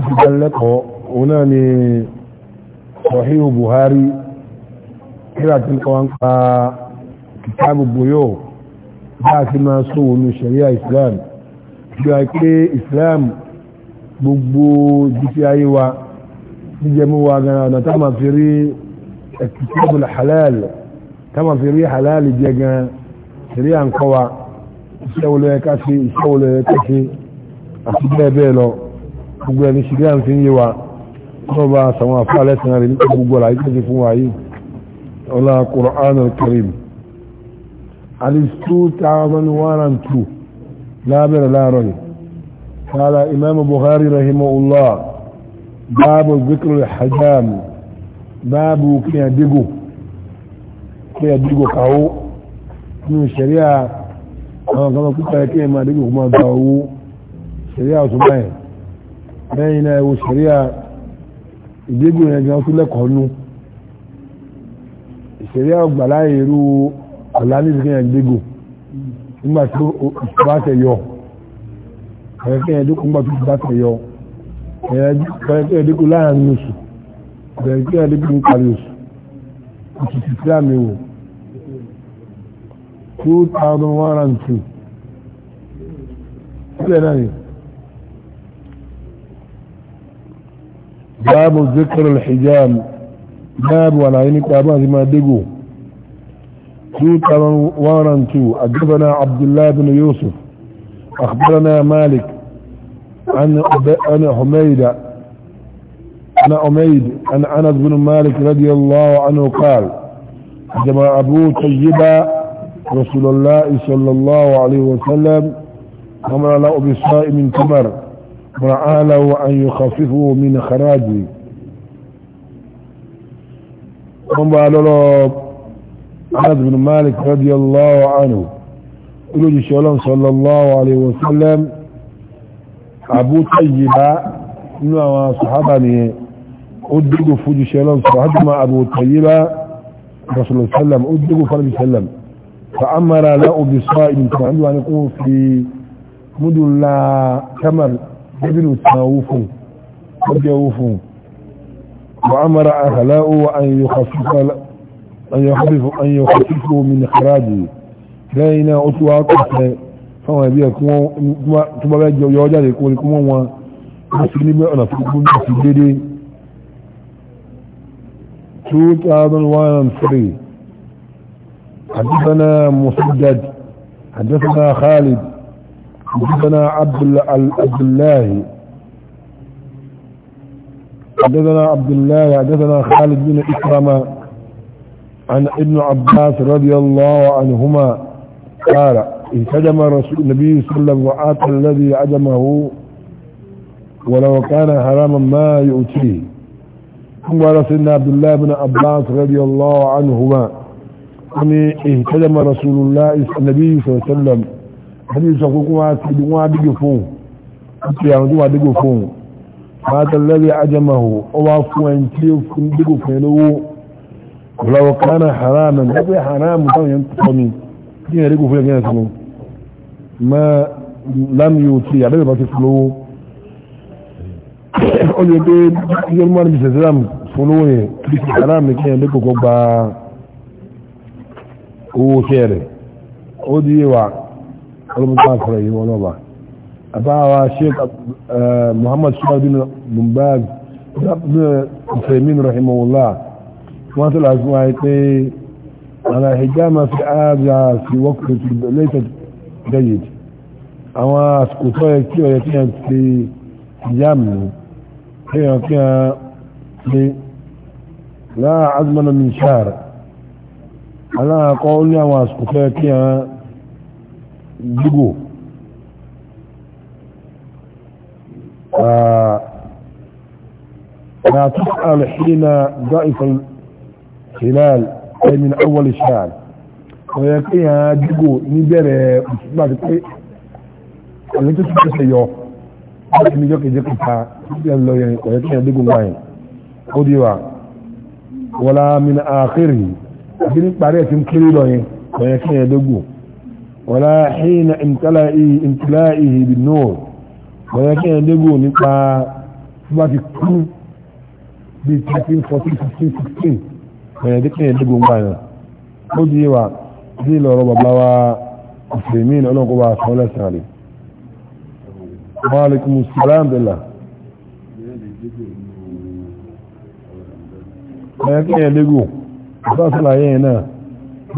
bíbi dánlẹ́kọ̀ọ́ òun náà ni sọ̀híhù buhari kíra tí kọ́ ń pa kìtàbù bóyọ̀ bá ti máa sówò ní ṣẹ̀ríà islam bí a pé islam gbogbo jíkí ayé wa jíjẹmú wa gan ọ̀nà tá fi rí ẹ̀kìtàbù halal tá fi rí halal jẹ gan ṣẹ̀ríà ń kọ́ iṣẹ́ wo ló yẹ iṣẹ́ wo ló yẹ àti bẹ́ẹ̀ bẹ́ẹ̀ lọ gbogbo ẹni ṣìgbẹ́ àti ń yé wa ọba àsàwọn àfáà lẹ́sìn rẹ̀ nípa gbogbo ọ̀la ìjọ́sí fún wa yìí ọlá Qur'an al-Karim alif 2002 lábẹ́rẹ̀ láàárọ̀ yìí kala imam Bukhari rahimahullah babu zikr al-hajam babu kíyàdígò kíyàdígò kawo nínú ṣẹ̀ríà àwọn kan kúkọ̀ kíyàmà dígò kuma ga owó ṣẹ̀ríà ọ̀tún báyìí lẹ́yìn náà ewu sẹ̀ríà ìgbégbò yẹn gan tún lẹ́kọ̀ọ́ nú ìsẹ̀ríà ọgbà láyé irú ọ̀la ní ìsìnkú yẹn gbégbò nígbà tí ìṣòro àtẹ yọ ẹ̀rẹ́ kí yẹn dínkù nígbà tí ìṣòro àtẹ yọ ẹ̀rẹ́ kí yẹn dínkù láàrin oṣù ẹ̀rẹ́ kí yẹn dínkù níparí oṣù oṣù tí ìsìlá mi wò 2002 sílẹ̀ náà ni. باب ذكر الحجام باب ولا ينك أبا ما دقوا تو أجبنا عبد الله بن يوسف أخبرنا مالك عن عن حميدة عن اميد عن أنس بن مالك رضي الله عنه قال جمع أبو طيبة رسول الله صلى الله عليه وسلم أمر له بصائم تمر وتعالى وأن يخففوا من خراجي ثم قال له عبد بن مالك رضي الله عنه قلوا جشولان صلى الله عليه وسلم أبو طيبة إنه أما صحابني أدقوا فوجي شيلان صحابهما أبو طيبة رسول الله سلم أدقوا فالبي سلم فأمر لأبي صائب كما عنده أن يكون في مدن لا كمر dẹ́bìnù san owó fún ọjọ́ owó fún wa amara àhàláwò an yóò kọfífò min haraji lẹ́yìn náà ó tún wá kọfẹ́ fáwọn ẹbí ẹ̀ tó bá bẹ́ jọ jáde kó rí kúmọ́ wọn ó sì ní bẹ́ ọ̀nà tó kú ní dédé 2003 حدثنا مسدد حدثنا خالد حدثنا عبد عبد الله حدثنا عبد الله حدثنا خالد بن إكرمة عن ابن عباس رضي الله عنهما قال انسجم رسول النبي صلى الله عليه وسلم وآتى الذي عدمه ولو كان حراما ما يؤتيه ثم رسلنا عبد الله بن عباس رضي الله عنهما أني اهتدم رسول الله النبي صلى الله عليه وسلم ẹni sọ pé wọ́n á ti di wọ́n á dìgbò fóun ó ti àwọn tó wà dìgbò fóun máa tẹ̀lẹ́rẹ́ ajẹ́mọ̀hù ó wá fún ẹni tí ó fún dìgbò fún ẹ lówó lọ́wọ́ kánà haram ẹ̀ pé haram táwọn yẹn tọ́ ni kí ẹ̀ dìgbò fún ẹ kẹ́yẹ̀ sọ́nù mọ́ lámì yóò ti àdébẹ̀ bá ti fún lówó ó lè pé yọ́nmọ́ ní bìsẹ̀ sílámù fún lówó yẹn kí haram ní kẹ́yẹ̀ dìgbò kọ́ gba owó ṣẹ́ rẹ̀ ó di wà olùgbà fọ̀rọ̀ yìí wọn ọba àbáwa sheik muhammad suwadu bumbag ìfẹ̀mín rahimahullah wọ́n tó láti wáyé pé ala hijama fi ààbà fi wọ́kùnrin ti lẹ́tẹ̀ dẹ́yìd àwọn àsìkò tó yẹ kí ọ̀yẹ́ kí wọ́n ti hijama ní kí wọ́n kí wọ́n azmanu min aláàkọ́ ó ní àwọn àsìkò tó yẹ kí gbogbo لا تسأل حين ضعف الهلال أي من أول الشهر ويكيها جيجو نبير ما تقول اللي تسمع سيو لكن يجوك يجوك تا يان لو يعني ويكيها جيجو ماين أوديوا ولا من آخره لكن بعد يتم كريلو ويكيها جيجو ولا حين امتلائه امتلائه بالنور ولكن يندقوا نقا سبات كل ب 13 14 15 16 ويندقوا يندقوا معنا خذي و زي لو ربا بلاوا مسلمين علوك وبا صلى الله وعليكم السلام بالله ولكن يندقوا سبات الله ينا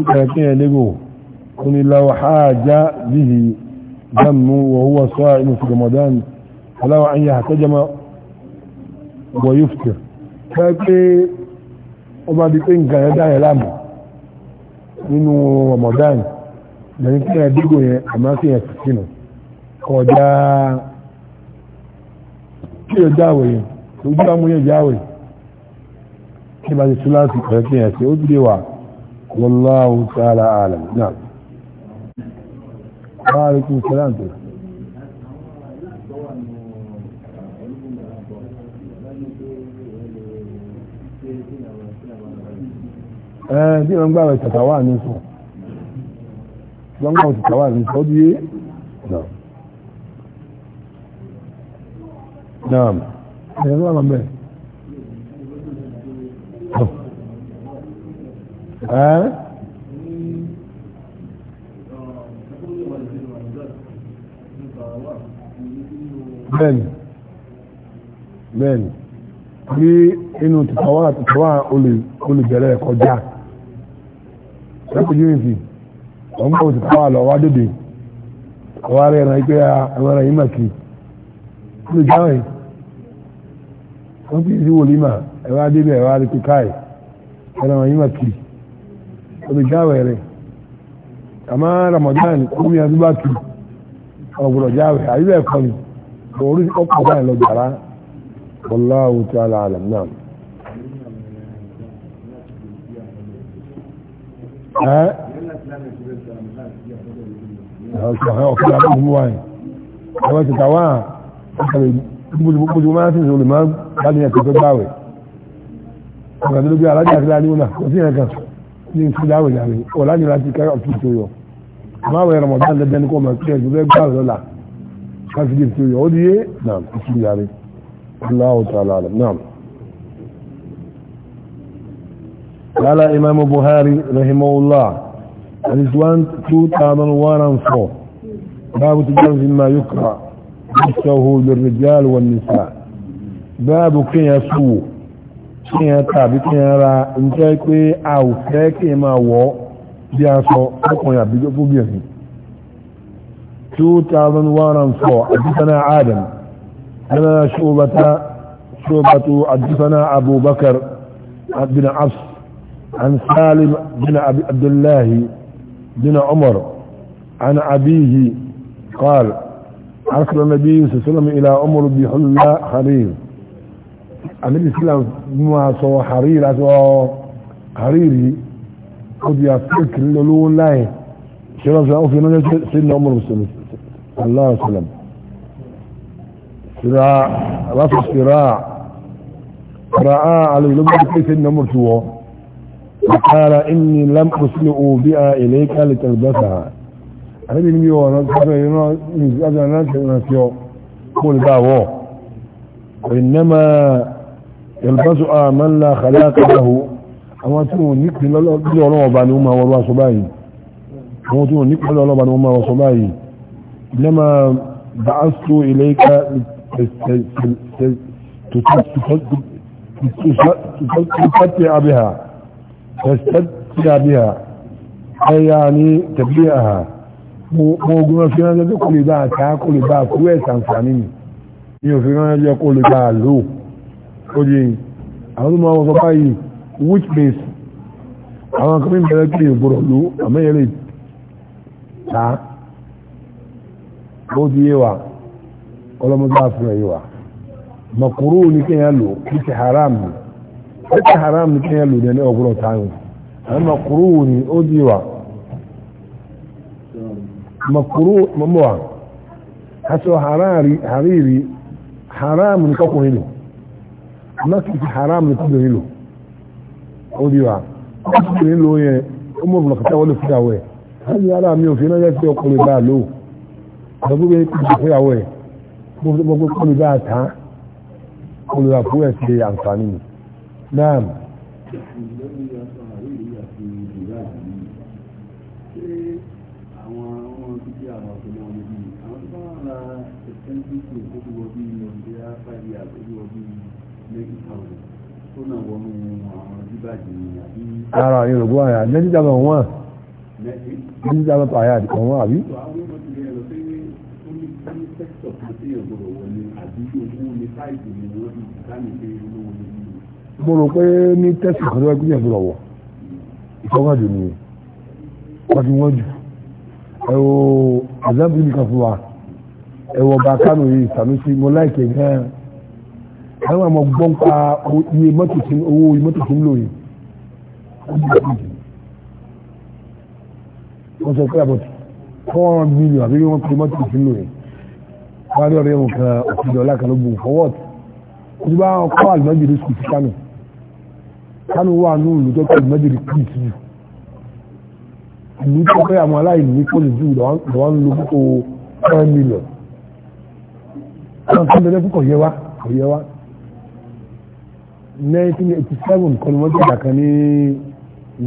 ولكن يندقوا قل لو حاج به دم وهو صائم في رمضان فلو أن يحتجم ويفتر فكي ọba di pé nǹkan ẹ̀ dáyẹ̀ láàmù nínú Ramadan lẹ́yìn kí ẹ̀ dígò yẹn àmá sí ẹ̀ fìsínà kọjá kí ẹ̀ dáwẹ̀ yẹn ojú àmúyẹ̀ jáwẹ̀ kí bá ti túláàsì pẹ̀lú kí ẹ̀ sí ó dé wà wallahu ta'ala a'lam náà Báàríkú Sẹ́láǹtì. Ẹ̀ẹ́ bí wọ́n gbáwẹ̀ tàtàwà ní sọ. Wọ́n gbáwẹ̀ tàtàwà ní sọ bí i? Náà. Náà. Ẹ̀rọ àwọn bẹ́ẹ̀. Ẹ̀ẹ́ bẹ́ẹ̀ni bẹ́ẹ̀ni bí inú tìtàwà tìtàwà olùbẹ̀rẹ̀ kọjá lẹ́kùnjú nìtì wọ́n kọ́ tìtàwà lọ wá dòdè ọwá rẹ̀ ẹ̀rọ ìpẹ́ àwọn ah, ẹ̀rọ ìmọ̀kì olùjáwé wọ́n fi sí wòlímà ẹ̀rọ adébẹ̀ ẹ̀rọ adékùkáì ẹ̀rọ ìmọ̀kì olùjáwé rẹ̀ àmọ́ Ramadan kúmi àdúgbà kì ọ̀gbọ̀dọ̀ jáwé àyíbẹ̀ kọ́ni orí ọkọ̀ báyìí lọ gbàrá wallahu ta'ala alam náà ẹ́ ọ̀kọ̀lá gbogbo wáyé ẹwà ti tàwà ọ̀kọ̀lẹ̀ gbogbo máa sí ìṣòlè máa gbádùn ẹ̀kọ́ tó gbáwẹ̀ ọ̀gá tó ló gbé alájà àti láàrin ònà kò sí ẹ̀kan ní ìṣúdáwẹ̀ láàrin ọ̀làjọ́ láti kẹ́rọ̀ tó tó yọ kásìkì tó yọ ó di yé náà kìí yàrí aláwọ̀ tààlà rẹ̀ náà قال إمام بخاري رحمه الله حديث 2104 باب تجاوز ما يكره نفسه للرجال والنساء باب كي يسوء kí ẹ tàbí kí ẹ ra ń jẹ́ pé a ò fẹ́ kí ẹ máa 2104 حدثنا آدم لنا شعبة شعبة حدثنا أبو بكر بن عبس عن سالم بن عبد الله بن عمر عن أبيه قال أرسل النبي صلى الله عليه وسلم إلى عمر بحلة حرير النبي صلى الله عليه وسلم ما سوى حرير حريري قد يفكر لله لاي شرف في نجاة سيدنا عمر بن sallallahu alaihi wasallam صراع رفع صراع رأى على لبن كيف النمرت وقال إني لم أسلق بها إليك لتلبسها أنا من يوانا كفينا نزعنا نسيو قول داو وإنما يلبسها من لا خلاق له أما تنو نكفي لله بني وما وروا صباي أما تنو نكفي لله بني وما وروا صباي إنما بعثت إليك تستمتع بها تستمتع بها أي يعني تبيعها موجودة في هذا كل باع تاكل باع كويس عن فعنيني yíò fi rán ẹjọ́ kó lè dáa lò ó di àwọn ọmọ ọmọ ọba yìí which means àwọn akọ́mí bẹ̀rẹ̀ kí èèyàn gbọ́dọ̀ lò àmẹ́yẹlẹ̀ tàá ó di yé wa ọlọ́mọdé àfihàn yé wa makuru ni kéèyàn lò kí ti haram ni kí ti haram ni kéèyàn lò ní ẹni ọgbọ́n táwọn àwọn makuru ni ó di yé wa makuru mọ́mọ́ wa aṣọ hariri haram ni kọkùnrin lò mọ́kì ti haram ni kọkùnrin lò ó di wa kọkùnrin lò yẹn ó mọ̀ bùnà kọta wọlé fúdà wẹ̀ hàn ní aláàmì òfin náà yẹ kí ọkùnrin bá lò ó gbogbo yẹn kò fẹ́yàwó ẹ̀ gbogbo kọ́ni bá a tán olùwà fún ẹ̀ ṣe àǹfààní ni náà. ara yorùbá àyà nẹ́tíjà lọ wọ́n nẹ́tíjà lọ àyà àdìkọ̀ wọ́n àbí. mo rò pé ní tẹ́sì kan lọ́wọ́ ìpínlẹ̀ tó lọ́wọ́ ìfọ́gájò ni wọ́n ti wọ́n jù ẹ̀wọ̀ àzábí nìkan fún wa ẹ̀wọ̀ bá kánò yìí Sanusi mo láìkè gan àwọn àmọ́ gbọ́n pa iye mọ́tò tí owó iye mọ́tò tí ń lò yìí wọ́n sọ pé àbọ̀tì four hundred million àbí wọ́n pe mọ́tò tí ń lò yìí wọ́n á rí ọ̀rẹ́ wọn kan ọ̀sìn dọ́là kan ló bù fọwọ́ọ̀tì ó ti bá kọ́ àlùmọ́jì ní sùkúù kánò kánú wà ní olùjọ́ pẹ̀lú mẹ́jìlì kìí sí jù ìlú tó pé àwọn aláìní kò lè jù lọ́wọ́ ń lo púpọ̀ ten million àwọn tó ń bẹ̀rẹ̀ fún kọ̀yẹ́ wá kọ̀yẹ́ wá 1987 kọ́ni wọ́n jẹ́ ìdàkan ní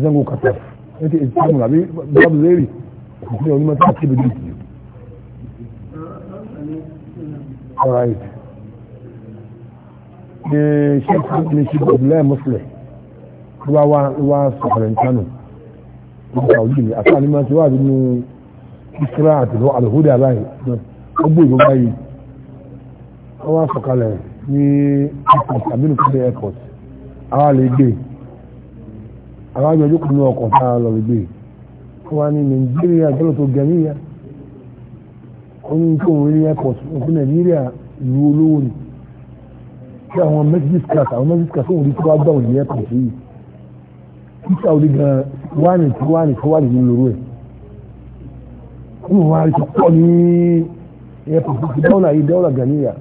zango kataf 1987 àbí bob zeri kò sí onímọ̀ tó àti ìbẹ̀rẹ̀ ìtìjú all right ṣe ṣe ṣe ṣe ṣe ṣe ṣe ṣe ṣe ṣe ṣe wá wá wá sọ̀rọ̀ ìtànù nípa ojú mi àti ànímọ́ ti wá nínú ìsra àti àlùhúdà báyìí ó gbé ìbọn báyìí wọ́n wá sọ̀kalẹ̀ ní airport àbínú kúlẹ̀ airport àwa lè gbé àwa yọ ojú kùnú ọkọ̀ tá a lọ lè gbé wọ́n wá ní nàìjíríà gbọ́dọ̀ tó gẹ̀ níyà ó ní kí òun rí airport òkú nàìjíríà lu olówó ni kí àwọn messages class àwọn messages class òun rí tí wọ́n gbà òun ní airport yìí ní Saudi gan wáàni tí wáàni tí wáàni yìí lóru ẹ̀ wọ́n wáàni tó pọ̀ ní airport tó ti dáwọ́lá yìí dáwọ́lá ganiya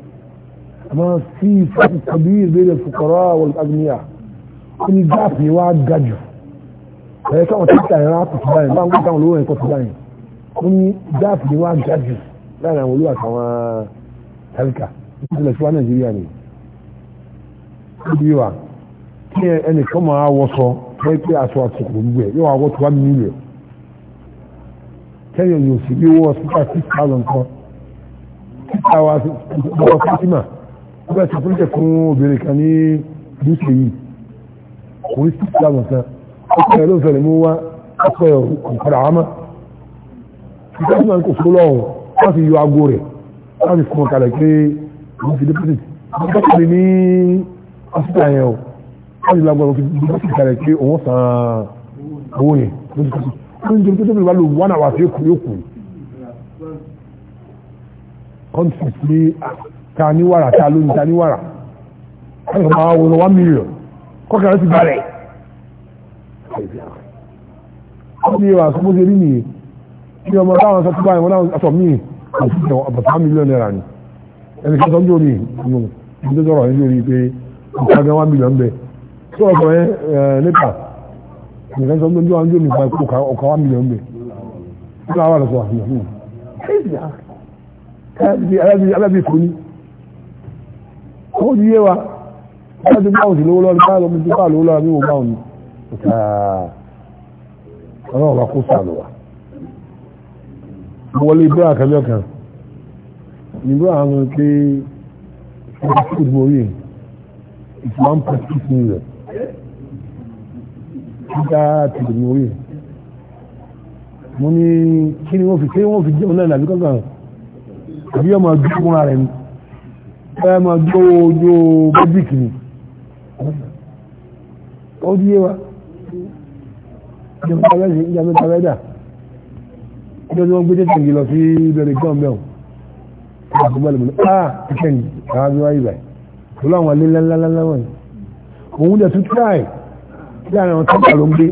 àmọ́ sí ìfàtí tàbí ìbéèrè fòkọ̀rọ̀ wọlé agniya ó ní gáàpù yìí wá ga jù ẹ̀yẹ káwọn tí ìta ìran àpò tó báyìí báwọn kọ́ káwọn olówó ẹ̀kọ́ tó báyìí ó ní gáàpù yìí wá ga jù láàrin àwọn olówó àtàwọn tàríkà nítorí ìwà Nàìjíríà ni ó bí wa kí ẹnì kan máa wọ́ sọ ẹ pé aṣọ àtòkò gbogbo ẹ̀ yóò wá wọ́n tó one million kẹ́yìn yóò six thousand kan síta wa bọ́ fatima wọ́n bẹ̀rẹ̀ sàpọ́njẹ̀ fún obìnrin kan ní dúkìá yìí kò ní six thousand kan ọkọ̀ ẹ̀ ló ń fẹ̀rẹ̀ wá ọkọ̀ ẹ̀ ọ̀kadà wá mọ́ síta kò fún lọ́wọ́ wọ́n ti yọ aago rẹ̀ wọ́n ti fún ọ̀kadà pé wọ́n ti dé pẹ́sìtì wọ́n ti ní ọ̀sítà yẹn o wọ́n ti lágbára òkè bí wọ́n ti kàrẹ̀ pé òun san owó yẹn ló ti kàtó ó ń jẹun tó tóbi wà ló wọ́n àwọn àti èkó yóò kù consent ní ta ní wàrà ta lónìí ta ní wàrà wọ́n ti máa wọ́n one million kọ́kàrẹ́ ti balẹ̀ wọ́n ti wà sọ́kó ṣe rí nìyí kí ọmọ táwọn sọ́kó báyìí wọ́n náà sọ míì kò sí ìtàn àbàtà mílíọ̀n náírà ni ẹnì kan sọ́jọ́ mi ìdójọ́rọ̀ ẹni lórí pé ìtajà one million bẹ́ẹ̀ tó ọkọ̀ ẹ eh, nípa nìkan sọ pé wọ́n ń nípa ikú ọkọ̀ wa bẹ̀ kí wà lọ́sọ̀ àfihàn fún un alábí fún ní ó di yé wa láti bá òsì lówó lọ́rùn bá lọ́mú bá lówó lọ́rùn ní òbá òní ọlọ́run dá tìlù ní orí ẹ̀ mo ní kí ni wọ́n fi kí wọ́n fi jẹun náà nàbí kankan àbí ọmọ ọdún fúnra rẹ̀ ni ẹ máa gbọ́ ojú bẹ́bík ni ó díye wa ìjọba ẹ̀sìn ìjọba ẹ̀sìn ẹ̀dà ọjọ́ tí wọ́n gbé tẹ́tẹ̀ yìí lọ sí ìbẹ̀rẹ̀ gbọ́n mẹ́wọ̀n ah, àkọ́bẹ̀lẹ̀ mọ́ láàrin àwọn tábà ló ń gbé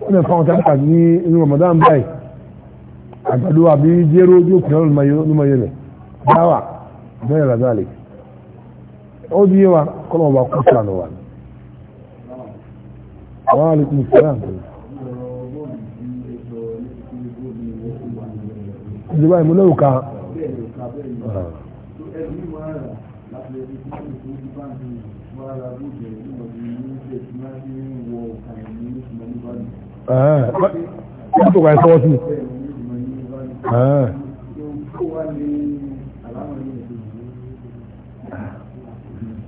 wọ́n lè fáwọn tábà ní inú Ramadan báyìí àgbàdo àbí jéró ojú òkú náà ló máa yẹlẹ̀ dáwà bẹ́ẹ̀ rà dáàlì ó di yé wa kọ́nà ọba kó sànù wa. àwọn àlekún ìṣẹ́lẹ̀ àgbẹ̀. ìjọba ìmúlẹ̀ òkà. ẹ̀ẹ́dì máa láti ẹni tí wọ́n ti bá ń bí wọ́n ara bó wọ́n tó wà sọ́wọ́ sí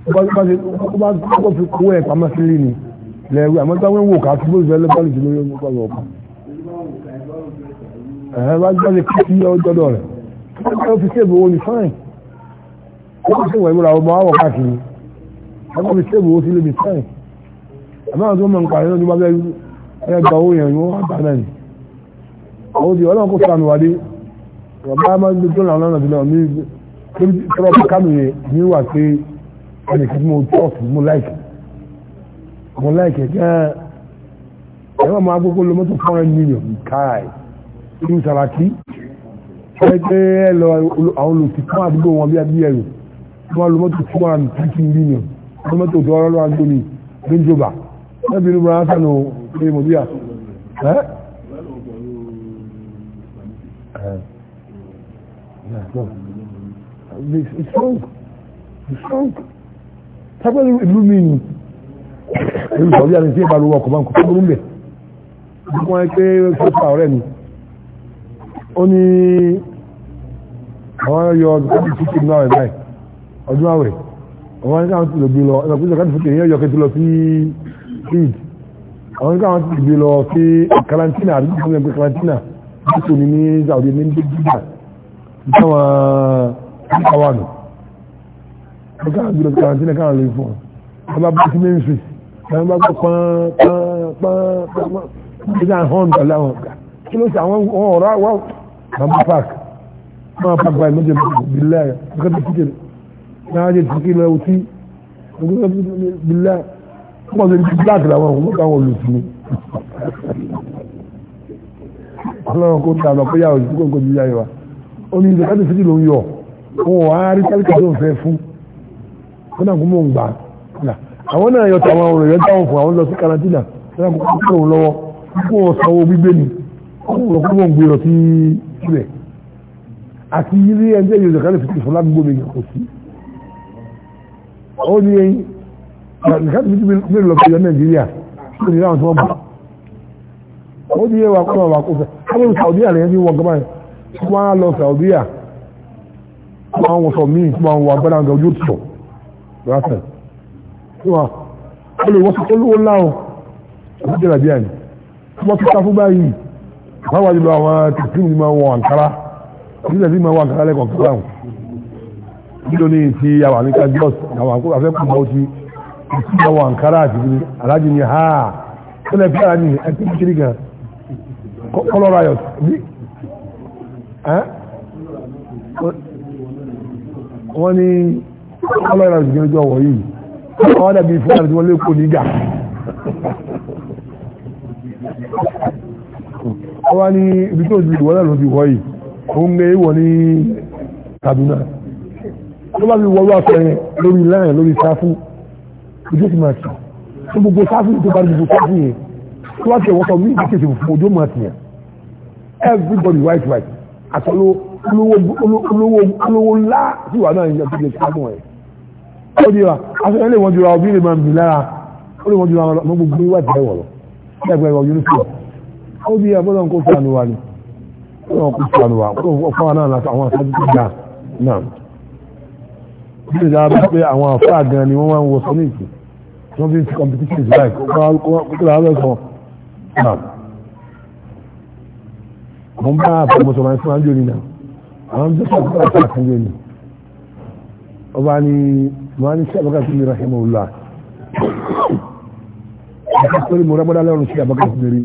ọkọ̀ fi kó ẹ̀ pamọ́ sílé ni lẹ́rú àmọ́ wò ká tó bóyá lẹ́bàlì jùlọ yóò nípa lọ ọkọ̀ ẹ̀hẹ́ kí sí ọjọ́dọ̀ rẹ̀ ó fi ṣèbò owó ní fáìn ó fi ṣèwọ̀ owó sílé ní fáìn àmọ́ tó mọ̀ nǹkan àyẹ̀wò ní wọ́n bẹ́ẹ̀ ẹ gba owó yẹn ni wọ́n bá náà ni àwọn òbí ọlọ́run kò sànù wálé bàbá máa ń tó làwọn lọ́nà tó lọ ní tọ́lọ́ kánú yẹn ní wà pé ẹnìkan mo tọ́ọ̀tù mo láìkì mo láìkì gan-an ẹ wọ́n máa gbogbo lo mọ́tò four hundred million káì ní sàràkí ẹ ẹbí ní bọ́n sánú pé mo díyà ẹ́ tábẹ́lú ìlú mi ni ìlú sọ̀rọ̀ yà ní tí ìbá lówó ọkọ̀ báńkù tó burú mẹ́ wọ́n pé sọ́pà ọ̀rẹ́ mi ó ní àwọn yọ ọdún tó ti náà rẹ̀ báyìí ọdún àwẹ̀ àwọn ẹ̀ka àwọn ti lò bí lọ ẹ̀ka tó ti lọ sí street àwọn nígbà wọn ti gbé lọ sí karantina àti nígbà wọn gbé karantina nípò ní ní Saudi ní ní jíjà nígbà wọn nígbà wà nù wọn káwọn gbé lọ sí karantina káwọn lè fún wọn wọn bá bá sí main street wọn bá gbọ́ pọ́n pọ́n pọ́n pọ́n nígbà hàn pẹ̀lú àwọn ọ̀gá kí ló ṣe àwọn ọ̀rọ̀ àwọn bambú park máa park báyìí méjì bílẹ̀ nǹkan tó kíkiri náà jẹ́ kíkiri lọ́wọ́ sí nǹkan tó kíkiri bílẹ̀ wọ́n ti di black làwọn òun lọ́kàn wọn lùsùn ni ọlọ́run kò dàgbà pé yà òsì kòkò ti yáyọ wa ó ní ìdọ̀kadì fìdí ló ń yọ wọn ò á rí kálíkà tó ń fẹ́ fún kódà kó mò ń gbà á àwọn náà yọ tàwọn ọ̀rọ̀ yẹn dáhùn fún àwọn lọ sí karantina kódà kó kó kó lọ́wọ́ kó wọ́n sanwó gbígbé ni kó wọ́n gbé lọ sí ibẹ̀ àti ilé ẹgbẹ́ ìdọ̀kadì fìdí fún lágbègbè mi kò sí. ó ní nǹkan tí nàìjíríà ní láwọn tí wọ́n bá ó ní ẹwà kọ́ ọ̀wà kó fẹ́ káwọn saudi àlẹ́ yẹn wọ́n gbọ́n tí wọ́n á lọ saudi wọ́n wọ́n sọ míì wọ́n wọ́n agbára ọ̀gá ojú ìtura wà nkárá àti ìdílé aláàjì ni ha kílẹ̀ fíà ni ẹtí ń kiri gan kọ́lọ́ rayọ̀ bí wọ́n ní kọ́lọ́ rayọ̀ ti gbẹ́jọ́ wọ̀ yìí àwọn dàbí fúlàní tí wọ́n lè kó nígà wọ́n ní ibi tó ti wọ́n náà ló ti wọ́ yìí òun gbé wọ́n ní Kaduna tó bá fi wọ́n wá lórí láàrín lórí sáfún ojú ti máa tì ní gbogbo sáfì tó bá gbogbo sáfì yẹn tó wá ti ẹ̀wọ́ sọ mí ìdíkejì fún ojú máa tì yẹn everybody right right àti olówó ńlá sí wà náà yẹn tó lè sáfì wọn yẹn ó di wa aṣọ yẹn lè wọ́n jura obìnrin máa ń bì lára ó lè wọ́n jura ọmọ gbogbo ìwà ìtẹ́wọ̀ lọ ẹgbẹ́ ìwà uniform ó di abọ́dọ̀ nǹkan sí àníwá ni ọ̀rọ̀ kò sọ àlùwà fún àwọn àlàfà àwọn àṣájú tó dáa náà bí ìjà bá pé àwọn àfáà gan ni wọ́n wá ń wọ sọ ní ìsìn something competition is like kókòlá ọ̀rọ̀ sọ náà mo ń bá àfọmọsọ máa ń fún àjò nínà àwọn tó sọ fún àjò àjò nínà ọba ni wọn ní sábàkà sí mìíràn ṣẹmọ òlà àti sórí mo rẹ́gbọ́dá lẹ́rùn sí àbákà sí mìíràn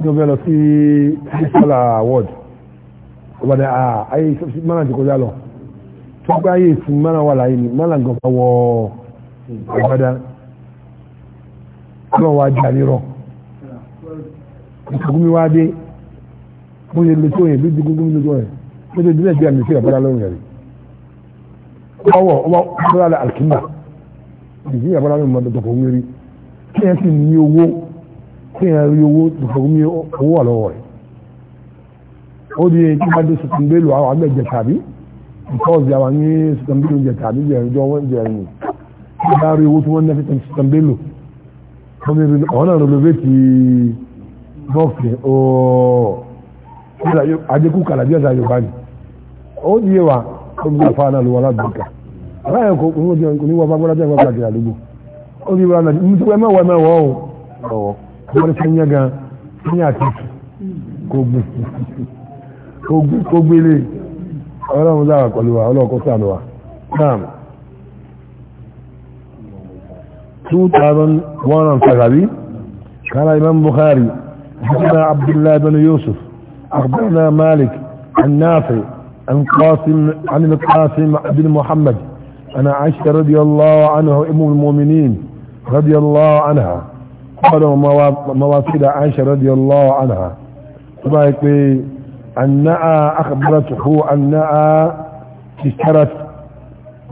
ní ọbẹ̀ lọ sí sísọ́là award ọba ni a ah, ayé sọ́sí mọ́nà ti kọjá lọ tó gbá ayé ìsinmi mọ́nà wà láyé ni mọ́nà gan fọwọ́ ọ̀gbádá lọ wá jà nírọ ìtàgùnmi wá dé bó ṣe lè tó yẹn bí gbogbo lè tó yẹn bó ṣe dílé díẹ̀ nìṣẹ́ àbúrò lọ́rùn yẹn ọwọ́ ọwọ́ àbúrò alẹ́ àlùkìmà nìṣẹ́ àbúrò alẹ́ mọ̀ tọ̀tọ̀ fún mi kí ẹ sì ní owó kí ẹ rí owó tọ̀tọ̀ fún mi owó wà lọ́wọ́ rẹ̀ ó di kí wọ́n dé sùtùmbélù àwọn àgbẹ̀ jẹ tàbí ìtọ́sí àwọn ní sùtùmbélù jẹ tàbí jẹ ìjọ jẹ ẹ̀yìn kí wọ́n rí owó àwọn náà rọlọ́bẹ̀ ti bọ́ọ̀kì ooo adékú kàlàbí ọ̀sà yorùbá ni ó di yé wa ó bí wà fáwọn náà ló wà ládùúgbà aláyẹ̀ kò ní wọ́n bá gbọ́dọ̀ jẹ́ ìwọ́n kàkiri àdúgbò ó di wà nàìjíríà nítorí ẹ mẹ́wàá mẹ́wàá o ọ̀wọ́ wọ́n ti ń yẹ gan ní àtìkù kò kò gbélé ọlọ́run dára pẹ̀lú wa ọlọ́run kó sànù wa náà. وانا صحابي قال امام بخاري حدثنا عبد الله بن يوسف اخبرنا مالك عن نافع عن قاسم عن القاسم بن محمد انا عائشه رضي الله عنها ام المؤمنين رضي الله عنها قال مواسيد عائشه رضي الله عنها فبايك ان اخبرته ان اشترت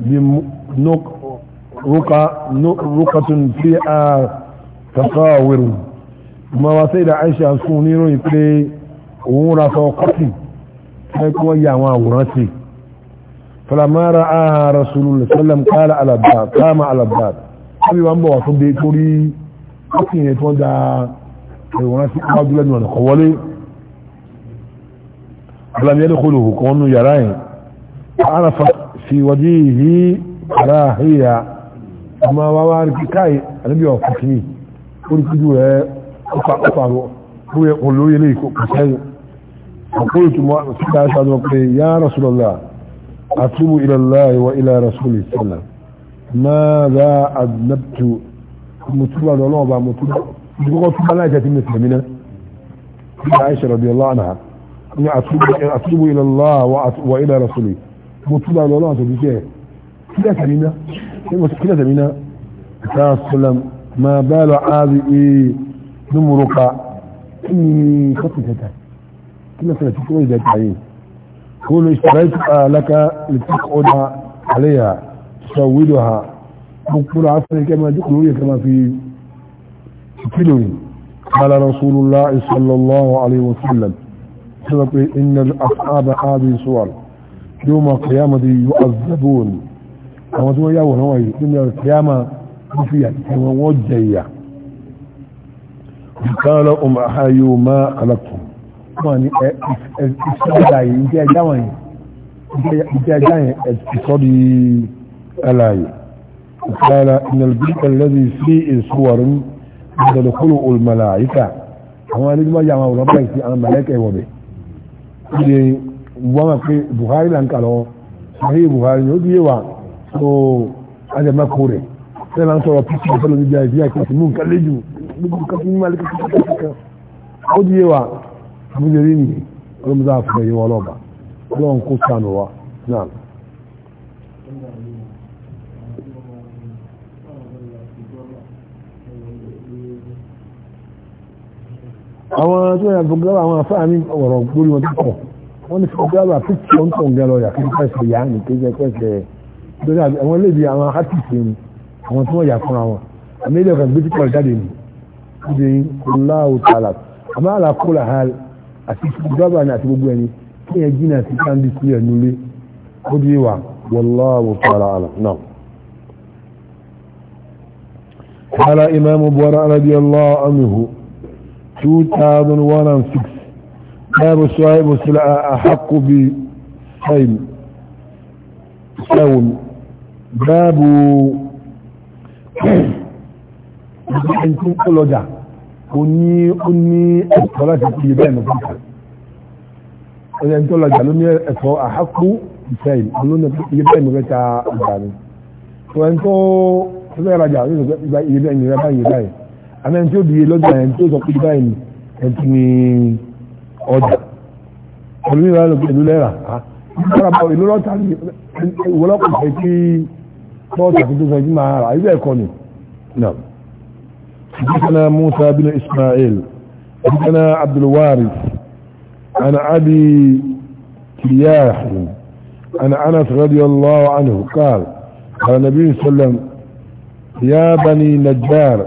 بنقطة رقى رقة فيها تقاور ما وسيد عائشة سونير يقلي ورا سوقتي فيكو يا وراتي فلما رأى رسول الله صلى الله عليه وسلم قال على الباب قام على الباب أبي وأنبا وصل دي توري أكي يتوضع وراتي قاد لن ونقولي لم يدخله كونه يرين عرفت في وجهه كراهيه ọmọ wa wá rí káyì àníbí ọ̀fún kìíní ó rí kújú rẹ̀ ọ̀pá ọ̀pá rọ̀ olórí ilé ìkọ̀kọ̀sẹ́yìn ọ̀pọ̀lù tó mọ́ síta ṣáájú pé yá rasulọ́lá àtúbù ilẹ̀lá ìwọ̀ ilẹ̀ rasulì sẹ́lẹ̀ máa bá àdínàbtù mùtúbà lọ́lọ́ọ̀bà mùtúbà ìdúkọ́ tó bá láìjẹ́ tí mẹ́sìlẹ̀ mi náà bí àìṣẹ́ rọ̀bì ọlá àná ní àtúbù ilẹ̀lá wà ilẹ̀ rasulì mùtúbà lọ́lọ́ọ̀bà tó bí jẹ́ kí إيه مشكلة منا السلام ما بال هذه نمرك إني خطيتك كنا ثلاثة إذا تعيين كل اشتريت لك لتقعد عليها تسودها مقبول عصري كما دخلوا كما في كيلوني قال رسول الله صلى الله عليه وسلم إن الأصحاب هذه سؤال يوم القيامة يؤذبون àwọn tí wọ́n yà wọ̀n wọ̀nyí nínú ẹ̀rọ tí a máa ń fi àtìkẹ́ wọn wọ́n jẹ ìyà ìkànnà ọmọ ayò máa kàlàkùn wọn ni ìṣẹ́jà yìí ìjẹ́ ẹja wọn yìí ìjẹ́ ẹja yẹn ìsọ́dí ẹlàyè ìkànnà ìnàlùbíkà lẹ́dí sí ìṣúwàrún ìdàlùkúrò olùmọ̀láyíkà àwọn anígbọ́n yà wọn rọ́bà ìsì àwọn mọ̀lẹ́kẹ̀ wọ̀bẹ̀ ìdè wọ́n mọ̀ pé Buhari là ń kà lọ Sahih Buhari ó bí yé wa so ajẹmẹ́kù rẹ̀ tẹ́lá ń sọ̀rọ̀ pípọ̀ ìfẹ́lẹ̀ ìjà ìdí àkíyèsí mú nǹkan léjù gbogbo nǹkan tó ní máa lékè kíkà kíkà ó di yéwà àbújá rí nìyí ọlọ́mọdé àfẹ́ yẹwà ọlọ́ba ọlọ́run kó sànù wa náà. àwọn tó yà fọ́gbọ́n àwọn afáàní ọ̀rọ̀ gbórí wọn tó pọ̀ wọ́n ní fọ́gbọ́n àpíkì ọ̀ńtọ̀ ń gẹ́ lọ yà kí n pẹ̀sẹ̀ yà á nìkéjẹ́ pẹ̀sẹ̀ lórí àwọn ilé ibi àwọn akátìsì ni àwọn tí wọ́n yà fúnra wọn àmì ilé ọ̀kan gbẹ́tí pọ̀lì jáde ni ìdè ọláwò tààlà àmọ́ àlàkùlà ha àti ìjọba ni àti gbogbo ẹni kí ẹ jìnnà sí káńdì sí ẹ̀ nulẹ̀ ó di wà wọláwò tààlà àlà náà. قال إمام بورا رضي الله عنه 2006 باب صاحب السلعة أحق بسيم سوم باب ẹni tó kó lọ́jà ó ní ó ní ẹ̀tọ́ láti fi bẹ́ẹ̀ mọ̀ fún ìkàlẹ̀ ẹni tó lọ́jà ló ní ẹ̀tọ́ àhákú ìfẹ́ yìí olóńgbò iye bẹ́ẹ̀ mọ̀ fẹ́ta ìgbà ni tó ẹni tó fẹ́ rajà ó ní ìgbà iye bẹ́ẹ̀ nira báyìí báyìí àmọ́ ẹni tó di lọ́jà ẹni tó sọ pé báyìí ni ẹni tó ní ọjà olóńgbò ìlú lẹ́ra ah, ìlú lọ́ta ìwọlọ́kùnfẹ́ tí موت حديث جماعة عايز يكوني نعم حدثنا موسى بن إسماعيل حدثنا عبد الوارث عن أبي كياح عن أنس رضي الله عنه قال قال النبي صلى الله عليه وسلم يا بني نجار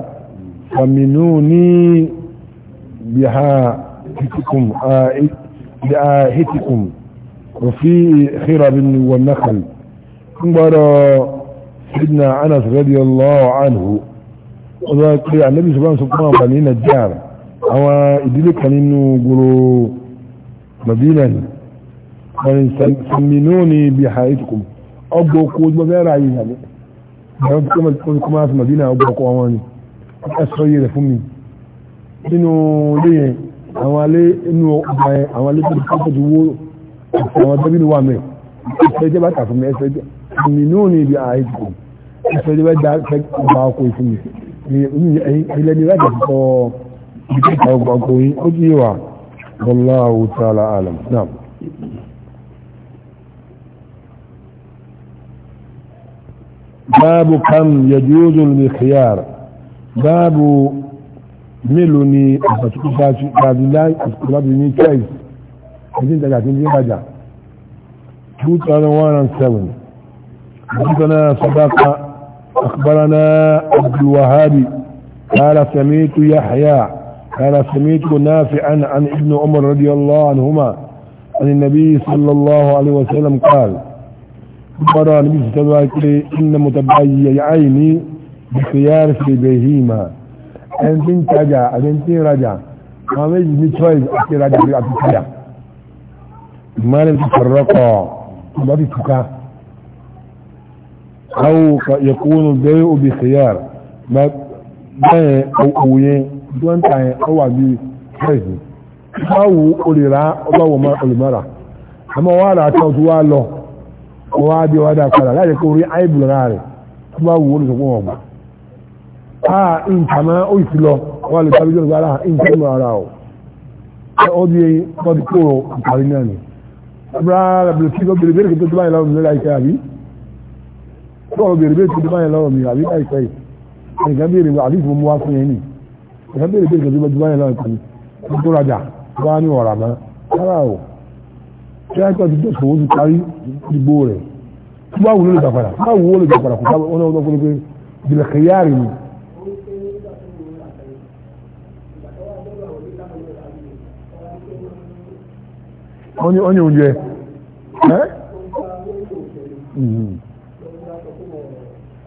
فمنوني بها بحاحتكم بآهتكم وفي خرب والنخل انظروا سيدنا أنس رضي الله عنه وذلك النبي سبحانه سبحانه بني نجار أو إدلك أنه قلوا مدينة سمنوني بحياتكم أبو قود مبارا عيها ربكم لكم في مدينة أبو قواني أسرية فمي إنه ليه أولي إنه أولي أولي أولي أولي أولي أولي أولي أولي أولي أولي أولي ìmìnú ni ibi àìkò ìfẹ́lẹ́wẹ́ gba ọkọ̀ ìfúnmi ìlẹ́niwẹ́ gẹ̀ẹ́sọ́ ìgbẹ́ta ọgbà ọkọ̀ yìí ó jí wà wallahu ta'ala alam náà báàbù kan yajuzu al-khiyar báàbù mélòó ni àpàtúkú sáájú láti ní choice 1937 حدثنا صداقة أخبرنا عبد الوهاب قال سميت يحيى قال سميت نافعا عن ابن عمر رضي الله عنهما عن النبي صلى الله عليه وسلم قال أخبر النبي صلى الله عليه وسلم إن متبعي عيني بخيار في بهيمة بنت رجع ان رجع ما ميجي متويز أكي رجع بيعطي تجا ما لم تفرقا ما تفرقا أو يكون البيع بخيار ما بيع أو أوين دون تاين أو عبي حيث أو أوليراء أو ما أوليمارا أما وعلى أتوتوا له وعدي وعدا قال لا يكون ري عيب لناري ما هو أولي سقوهم آه إن كما أويت له وعلى تبجل قال إن كما أراه أودي قد كورو قال ناني أبرا لبلتيكو بلبيرك تتبعي لهم من العيكابي lọ́wọ́ bèèrè bèèrè tó báyìí lọ́wọ́ mi àbí láìpẹ́ yìí ẹnìkan bèèrè àbí ìfún mu wá fún yẹn ni ẹnìkan bèèrè bèèrè tó báyìí lọ́wọ́ mi tó rajà wá ní ọ̀rà mọ́ rárá o ṣé ẹjọ́ ti tó sòwò ti parí ìdìbò rẹ̀ tó bá wù ló lè gbàgbàrà tó bá wù ó lè gbàgbàrà kò sábà wọn náà fún pé ìbílẹ̀ kẹyàrì ni. wọ́n ní oúnjẹ ẹ́ mhm.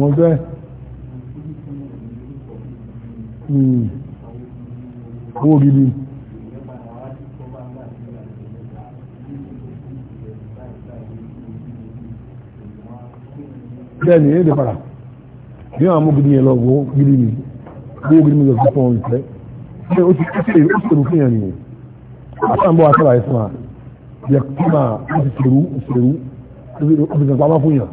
wọ́n bẹ́ẹ̀ hmm. owó gidi bẹ́ẹ̀ ni èdè padà bí àwọn amúgidi yẹn lọ wọ́ gidi ni owó gidi mi lọ sí fún ọ̀nfẹ́ ṣé ó ti ṣe ó ti ṣerú fún yẹn nìyẹn àtàǹbọ̀ àtàlàyé fún wa yẹ kí máa o ti ṣerú ṣerú ó ti ṣe pamọ́ fún yẹn.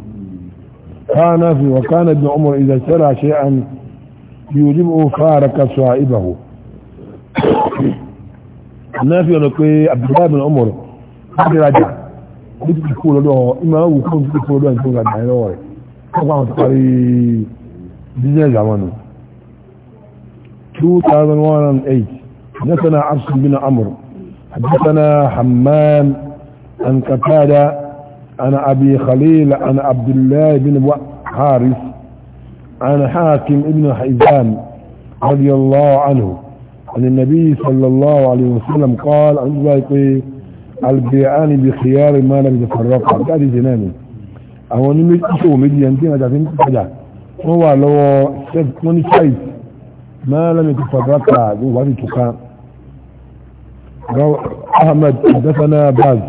كان في وكان ابن عمر إذا اشترى شيئا يجبه فارك صاحبه نافي أنا عبد الله بن عمر عبد رجع بيت يقول له إما هو كنت يقول له أنت رجع لوري طبعا تقري بزنس زمانه 2008 حدثنا عرس بن عمر حدثنا حمام عن قتاده أنا أبي خليل أنا عبد الله بن حارث أنا حاكم ابن حزام رضي الله عنه عن النبي صلى الله عليه وسلم قال عن ذلك البيعان بخيار ما لم يتفرقا هذه جناني أو نمت أشو مدي أنتين أجعتين تفجع هو لو شد كوني شايف ما لم يتفرقا وهذه تقام أحمد حدثنا باز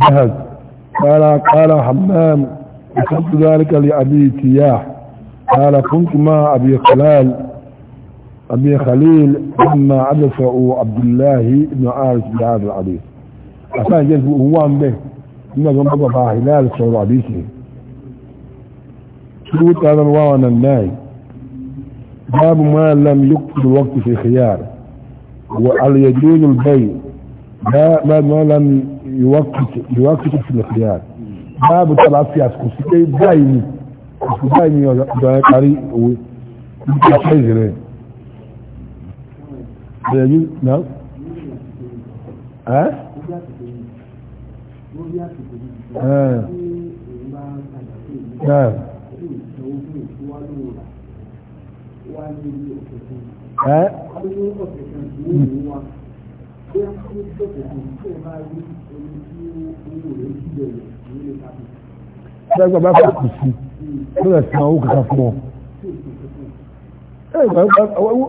بهز قال قال حمام وكنت ذلك لأبي تياح قال كنت مع أبي خلال أبي خليل لما عرفه عبد الله بن عارف بهذا الحديث عشان جلس هو به إن جنب بابا هلال صور حديثه شروط هذا الوانا الناي باب ما لم يقتل وقت في خيار وعلى يجوز البيع ما ما لم يوقف في الخيار باب تلافي اسكو سيدي دايمي اسكو دايمي دايمي قري و حجرين يجوز نعم ها ها نعم ها lẹ́gbẹ̀ẹ́ bá fà kù sí lọ́dọ̀ sí àwọn òkúta fún ọ.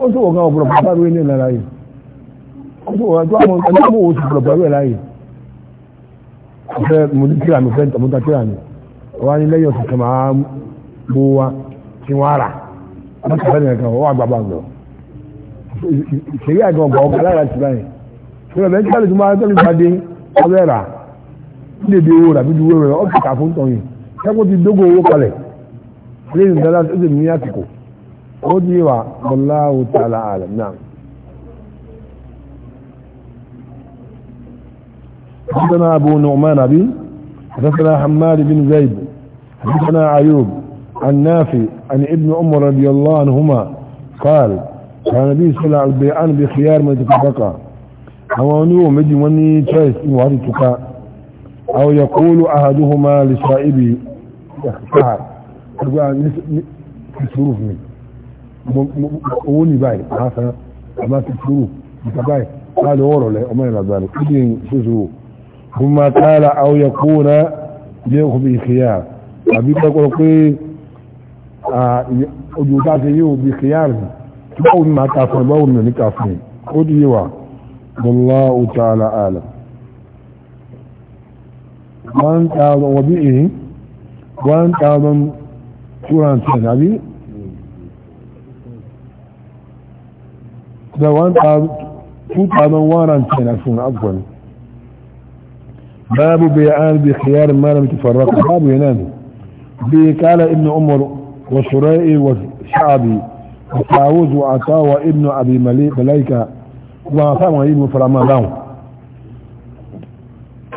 ó sì wọ̀ gan ọ̀bọ̀rọ̀ bàbá rẹ̀ yìí ó sì wọ̀ gan ọ̀bọ̀rọ̀ bàbá rẹ̀ ní ìlànà yìí láyé ọ̀fẹ́ mo ní kíra mi fẹ́ tọ̀mọ́ta kíra mi wọ́n ní lẹ́yìn ọ̀sẹ̀ kan máa mú wa kí wọ́n á wọ́n ti fẹ́ nìyẹn kan wọ́n á gbàgbà lọ. ìṣèlú àgbọ̀ngbọ̀ ọ̀gá lára ti báyìí ìrọ̀ bẹ́ẹ̀ tí wọ́n lè tún máa tọ́lé ìpàdé ọ̀rẹ́ rà nídèédé owó rà bí ju owó rẹ̀ ọ̀kẹ́ta fún tọ̀yìn. sẹ́kù ti dógò owó kalẹ̀ lẹ́yìn ìdára tó ti ní àsìkò ó di wa ta'ala náà حدثنا أبو نعمان أبي حدثنا حماد بن زيد حدثنا عيوب عن نافي عن ابن عمر رضي الله عنهما قال كان النبي صلى الله عليه وسلم بخيار من تتبقى هو oníwò méjì مني ní choice ìwádìí أو يقول أحدهما لصائبه سهر أقول تشروف من أولي باي حسنا أما تشروف باي قال ورو له أما إلى ذلك إذن تشروف ثم قال أو يكون ليخ بخيار أبي تقول قي أجودات يو بخيار بقول ما كافر بقول ما نكافر قد يوا والله تعالى أعلم 1000 وبئه 1000 قرآن 1000 ده 2110 عفوا عفوا باب بيعان بخيار ما لم يتفرق باب بي قال ابن عمر وشرائي وشعبي وطاوز وعطا وابن أبي بلايكا وعطا وعيد فرمان لهم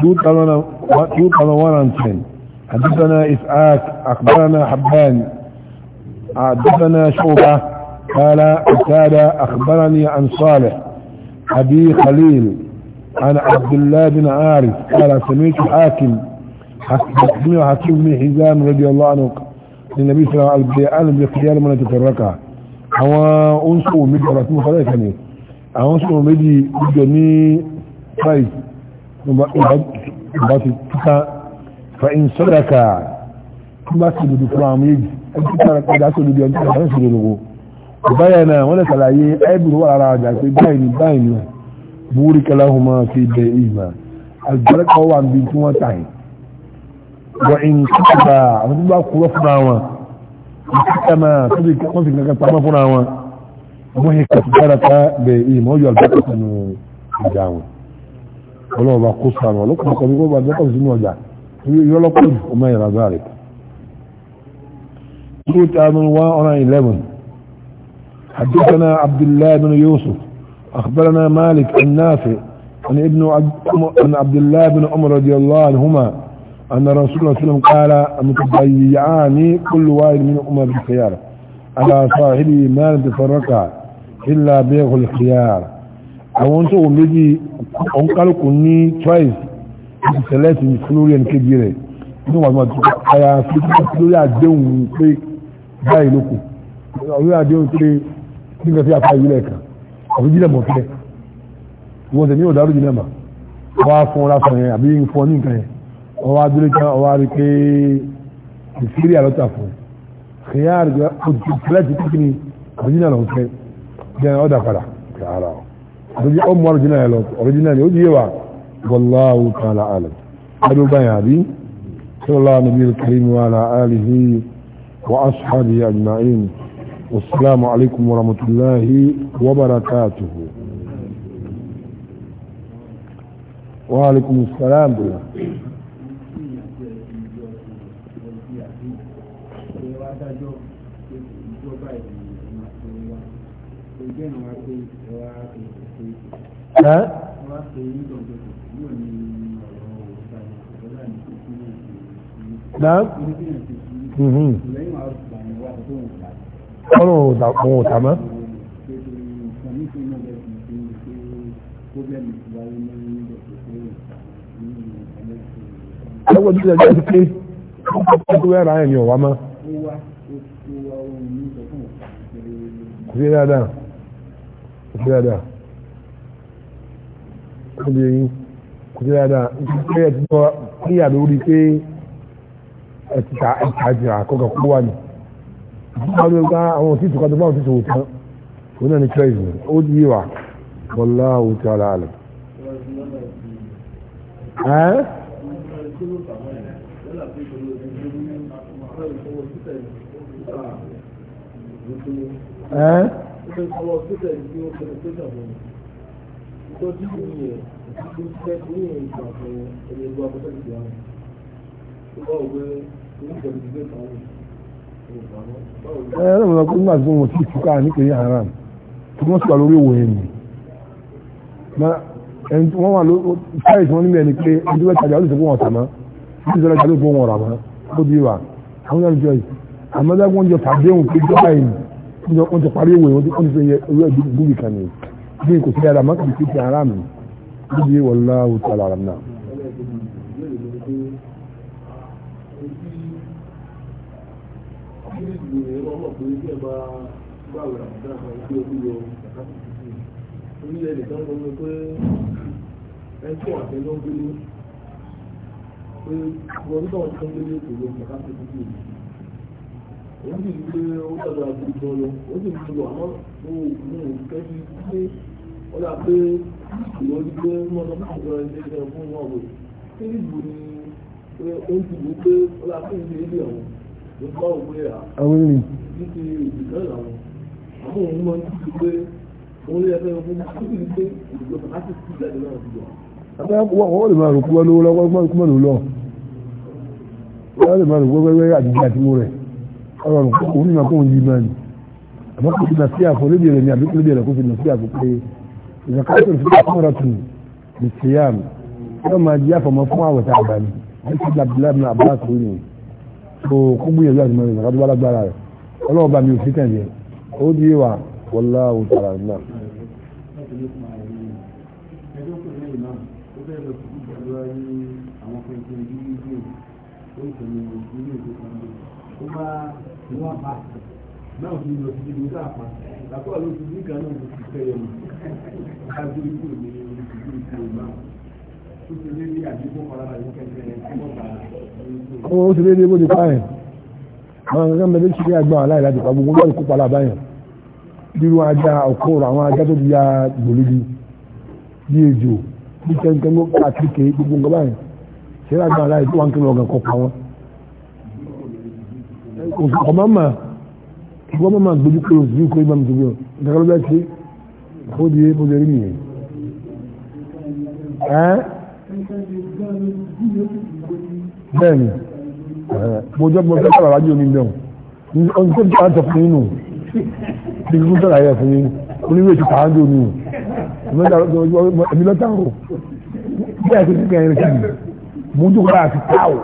دوت قالوا ويبقى نورا كان حدثنا إسعاك أخبرنا حبان حدثنا شعبة قال أتاد أخبرني عن صالح أبي خليل عن عبد الله بن عارف قال سميت حاكم حكم حكيم بن حزام رضي الله عنه النبي صلى الله عليه وسلم بخيال من تفرقها هو أنسوا مجرد مخلقني أنسوا مجي مجني فايت ba su tuka fa'in sadaka ba su dudu kuma amiji an tuka da da su dudu an tuka da su dudu bayana wani salaye aibin wa'ara da sai bayani bayani buri kalahu ma fi da ima albarka wa bin kuma tahi wa in kuka wani ba ku rafunawa kama sabi kuma fi kankan tama funawa muhikka su karata da ima wajen albarka sanu da jawon ọlọ́ọ̀bá kó kó bá dẹ́kọ̀ حدثنا عبد الله بن يوسف أخبرنا مالك النافع عن ابن عن عبد الله بن عمر رضي الله عنهما أن رسول الله صلى الله عليه وسلم قال متبيعان كل واحد من أمة بالخيار على صاحبه ما لم تفرقها إلا بيغ الخيار أو أنتم بيجي òun kálukú ní choice láti select lórí ẹni rẹ̀ nínú wàhálà tó káyà fífi lórí àdéhùn pé báyìí ló lórí àdéhùn pé nígbà tí a fa ìwílẹ̀ kan àbí jílẹ̀ mọ̀ fẹ́ wọ́n tẹ̀ ní ọ̀dàrú jílẹ̀ mà wọ́n á fún ọ́nà fún yẹn àbí ń fún ọ ní nǹkan yẹn wọ́n wá dúró kí wọ́n wá rí pé ìfírí àlọ́tà fún un kìí àrùn ojú ìfẹ́lẹ́ ti kíkiri àbí jílẹ̀ lọ́wọ́ fẹ́ jẹ́ ọ̀dà padà kìí àrà àtọ́jú ọmọ ọ̀rọ̀jìnà ẹ̀ lọ ọ̀rọ̀jìnà ni ó di yẹwà wallahu ta'ala alam ẹ̀dùn báyà bí sallallahu nabiyil karim wa ala alihi wa ashabihi ajma'in wasalaamu alaykum wa rahmatulahi wa barakatuhu. wa alaykum salaam. Mhm. ọlọ́run ò tà mọ́ ẹgbẹ́ tó ṣẹjọ́ ti pé ọkọ̀ tó wẹ́ra ẹ̀mí ọ̀wá mọ́ kò sí dáadáa kò sí dáadáa ọdún yìí kò sí dáadáa nítorí ẹ ti gbọ́ níyà lórí pé ẹ ti ta ẹ̀ka jìrà kọ́kọ́ kó wà ní. àwọn ọmọ ẹgbẹ́ àwọn òtítù kan tó bá òtítù wò tán òun náà ní choice ni ó di wà bọ́lá òtí ọ̀la àlẹ́. ẹ́ ẹ́ tó bí ìyẹn tó fẹ́ ní ìgbà fún ẹni ẹgbẹ́ abọ́tọ̀ ìgbà wọn. tó bá òwe oníjọba ìgbẹ́ kan wò. Ẹ ẹ́ lọ́wọ́ kó nígbà tí mo ti túká nítorí haram tí wọ́n sọ̀rọ̀ lórí òwò ẹ̀mí. Wọ́n wà lórí sáyẹ̀ tí wọ́n nílẹ̀ ni pé ẹni tó bẹ́ẹ̀ tajà ó lè sọ fún wọn tàmá, ó lè sọ lọ́jà ló fún wọn rà mọ́, ó di wà. Àwọn ọ̀nà ìjọ yìí, àmọ́ dágbọ́n jọ tàdéhùn pé jọ́ báyìí, wọ́n ti parí òwò ẹ̀mí, wọ́n ti sọ ìyẹn orí ẹ̀dúgbò kan nìyí bí kò sí dáadáa mọ́tò sí ti ara mi níbi wallahu ta'ala alam náà. Ẹjọ́ àtẹnugbélé pé wọ́n tó ń tán lórí ètò ìlú ìjọba tó ti dì ó sì ń gbé ó dàgbà gbogbo lọ ó sì ń gbogbo àmọ́ mo ò fẹ́ fi pé ó dà pé ìwọ ní pé wọ́n lọ fún ìjọba ilé iṣẹ́ fún wọn wò kí ni ìbò ni ó ti wò pé ó dà pé ilé ilé ọ̀hún ló bá òun pé à ní ti ìdìkan làwọn àmọ́ òun máa ń ti pé òun lè fẹ́ fún mi ó sì ń gbé ìjọba láti sí ìjáde náà ti wà. Abẹ́wọ́ wọ́n lè máa rò kú wọn lówó lọ́wọ́ kúmọ̀ lówó lọ. Wọ́n lè máa rò kú wọn wẹ́wẹ́ àdìgbà àti mú rẹ̀ ọ̀rọ̀ orí ma kóhun yìí máa ní àmọ́ kò sí na sí àfọ lébi rẹ̀ ní àbí lébi rẹ̀ kò sí na sí àfọ pé ìzàkátò sí àkọ́mọ̀rọ̀ tù ní siyam yóò máa di àfọmọ́ fún àwọ̀tá àgbà ní àti abdullahi bin abbas ló ní so kó gbìyànjú àti mọ̀lẹ́ ìzàkátò alágbára rẹ̀ ọlọ́wọ́ bá mi ò sí kàn yẹ ó di wa wọlá òtara náà. Thank you ni wọ́n pa náà fi lọ sí ibi tá a pa làkọ́ ló ti ní kan náà ló ti fẹ́ yẹn mọ́ káàkiri kò ní ìdílé ìdílé náà ó ti lé ní àdínkù ọ̀rọ̀ àyíkẹ́kẹ́ ẹ̀ kí wọ́n bá ó ti lé ní ibodè káyẹ̀ àwọn akẹ́kẹ́ mẹ́lẹ́ ṣe àgbà aláìláti pa gbogbo lọ́ọ̀dù kópa alábáyàn bírú ajá ọkọ̀ àwọn ajá tó ti ya gbòlódì bí ejò bí kẹ́ńkẹ́ mọ́ àti kéé gbogbo nǹkan báyìí ṣe àgbà aláìláti wọn kí wọn kọ́ pa wọn ọmọ mà ìwọ́n mọ̀ máa gbójú kúrò sí ikú ìbámu tó gbọ́ ìdákàlọ́ bẹ́ẹ̀ ṣe ó di é bóde rí nìyẹn. bẹ́ẹ̀ni mojọ́ mọ fẹ́ sábà wájú omi bẹ́ẹ̀ o ní tó ti àǹtọ̀ fún yín nù bí kíkún sọ̀rọ̀ ayé fún yín oníwèé ti pàá dùn nù ẹ̀mí lọ́tà o bí àti kíkẹ́ ẹ̀rẹ́ kí ni mo dùn kọ́ àti táwọ̀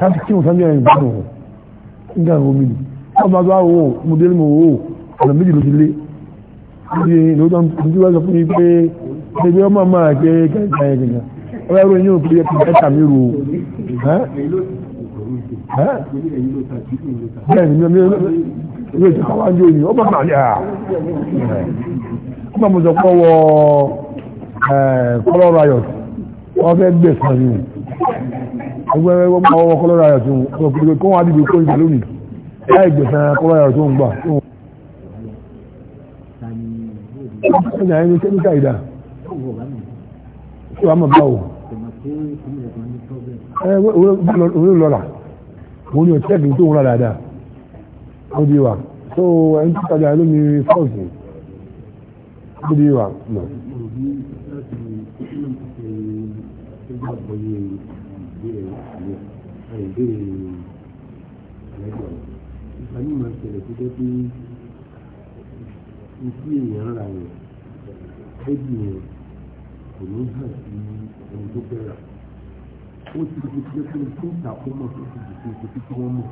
láti kí wọ́n sábẹ́ ẹ̀yìn gbọ́dọ̀ wọ̀ nígbà wọn mi ni wọ́n bá bá wò mo délé mo wò ọ̀nà méjì ló ti lé ní ìlúdọ̀ ní wọ́n sọ fún mi pé ẹgbẹ́ ọmọ máa gbé kẹta ẹ̀ gẹ̀gẹ̀ ọ̀rẹ́ ẹ̀rọ yóò fi kẹta mi rò bẹ́ẹ̀ni mi ò ní ìwé ìtàkọ́ wájú òní ọmọ máa yà ọmọ mo sọ pé wọ kọ́lọ́rọ̀ ayọ̀ wọ́n fẹ́ gbẹ̀sán ni agbẹ́rẹ́ wọ́n máa wọ́ kọ́lọ́rọ̀ ayọ̀ tó ń gbọ́ kó wọ́n á dìbò kó ìgbà lónìí láì gbẹ̀sán kọ́lọ́rọ̀ ayọ̀ tó ń gbà. ọ̀nà ẹni kẹ́míkà ìdá tí wàá mọ̀ báwo. ẹ wọ́n lọ́la wọ́n ní ọ̀tẹ́ẹ̀kì tó ń rà dáadáa ó di wa so ẹni tó tajà lómi fọ́ọ̀sì ó di wa náà. ìbéèrè ẹ̀rẹ́gbẹ̀ ọ̀rọ̀ nípa ní màá ṣẹlẹ̀ tó jẹ́ pé ìdí èèyàn ra rẹ̀ ẹ̀dì yẹn kò ní hàn sí ẹni tó fẹ́ rà ó ti di pé pé tó ń ta kó mọ̀ tó ti di pé pé kí wọ́n mọ̀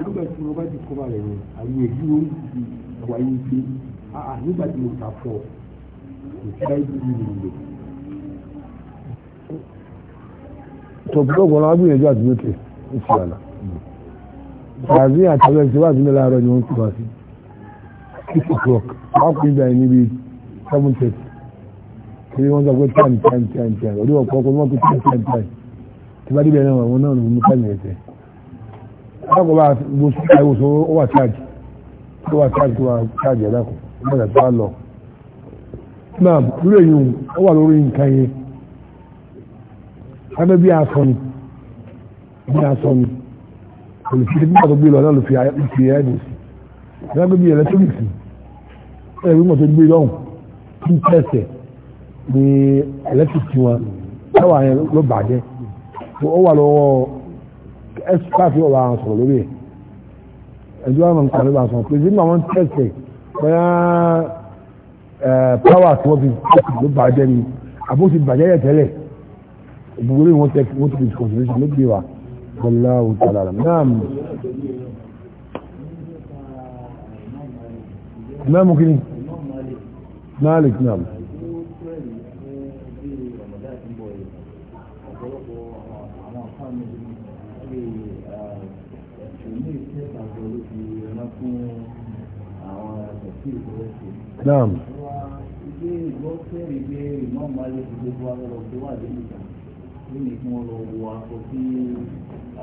nígbà tí wọ́n bá ti kọ́ balẹ̀ yẹn àwọn èdè ló ń di wáyé pé àà nígbà tí mo ta fọ́ kò sí láì bí mi lò. tọ̀pọ̀ lọ́gbọ̀n lágbìyànjú àti lókè ìṣàlà ṣàbí àtàwọn ìṣèwádìí ní láàárọ̀ ni wọ́n ti wá sí six o'clock wọ́n kún ibà níbi seven thirty kí wọ́n sọ pé time time time time orí ọ̀pọ̀ ọkọ̀ wọ́n pín time time time tí bá débẹ̀ náà wọn náà ló mú káyọ̀ ẹ̀sẹ̀ láàkó bá gbóṣù àìwòsàn ó wà charge ó wà charge tó wà charge ẹ̀ láàkó ó bẹ̀rẹ̀ tó wà lọ náà lórí èyí ó wà lórí nǹkan yẹn kábẹ́ bí a sọ ni bí a sọ ni olùfisí bí wọ́n tó gbé lọ náà lùfì ìfì ẹ̀ ní sí ẹ̀rọ gbé ẹlẹ́tíríkì ẹ̀ wí wọ́n tó gbé lọ́hùn kí n tẹ̀sẹ̀ ní ẹlẹ́tíríkì wọn táwa yẹn ló bàjẹ́ ó wà lọ́wọ́ ẹ́sípáàfì ọ̀rọ̀ àwọn sọ̀rọ̀ lórí ẹ̀ ẹ̀dùn àwọn nǹkan ló bá sọ pé sínú àwọn tẹ̀sẹ̀ bóyá pàwà tí wọ́n fi tẹ̀sẹ̀ ló bàjẹ́ ni àbó ti bàjẹ́ yẹ̀ tẹ́lẹ̀ ìbúgbó lórí wọn tẹ̀ wọ́n ti fi والله تعالى نعم امام ممكن مالك نعم نعم نعم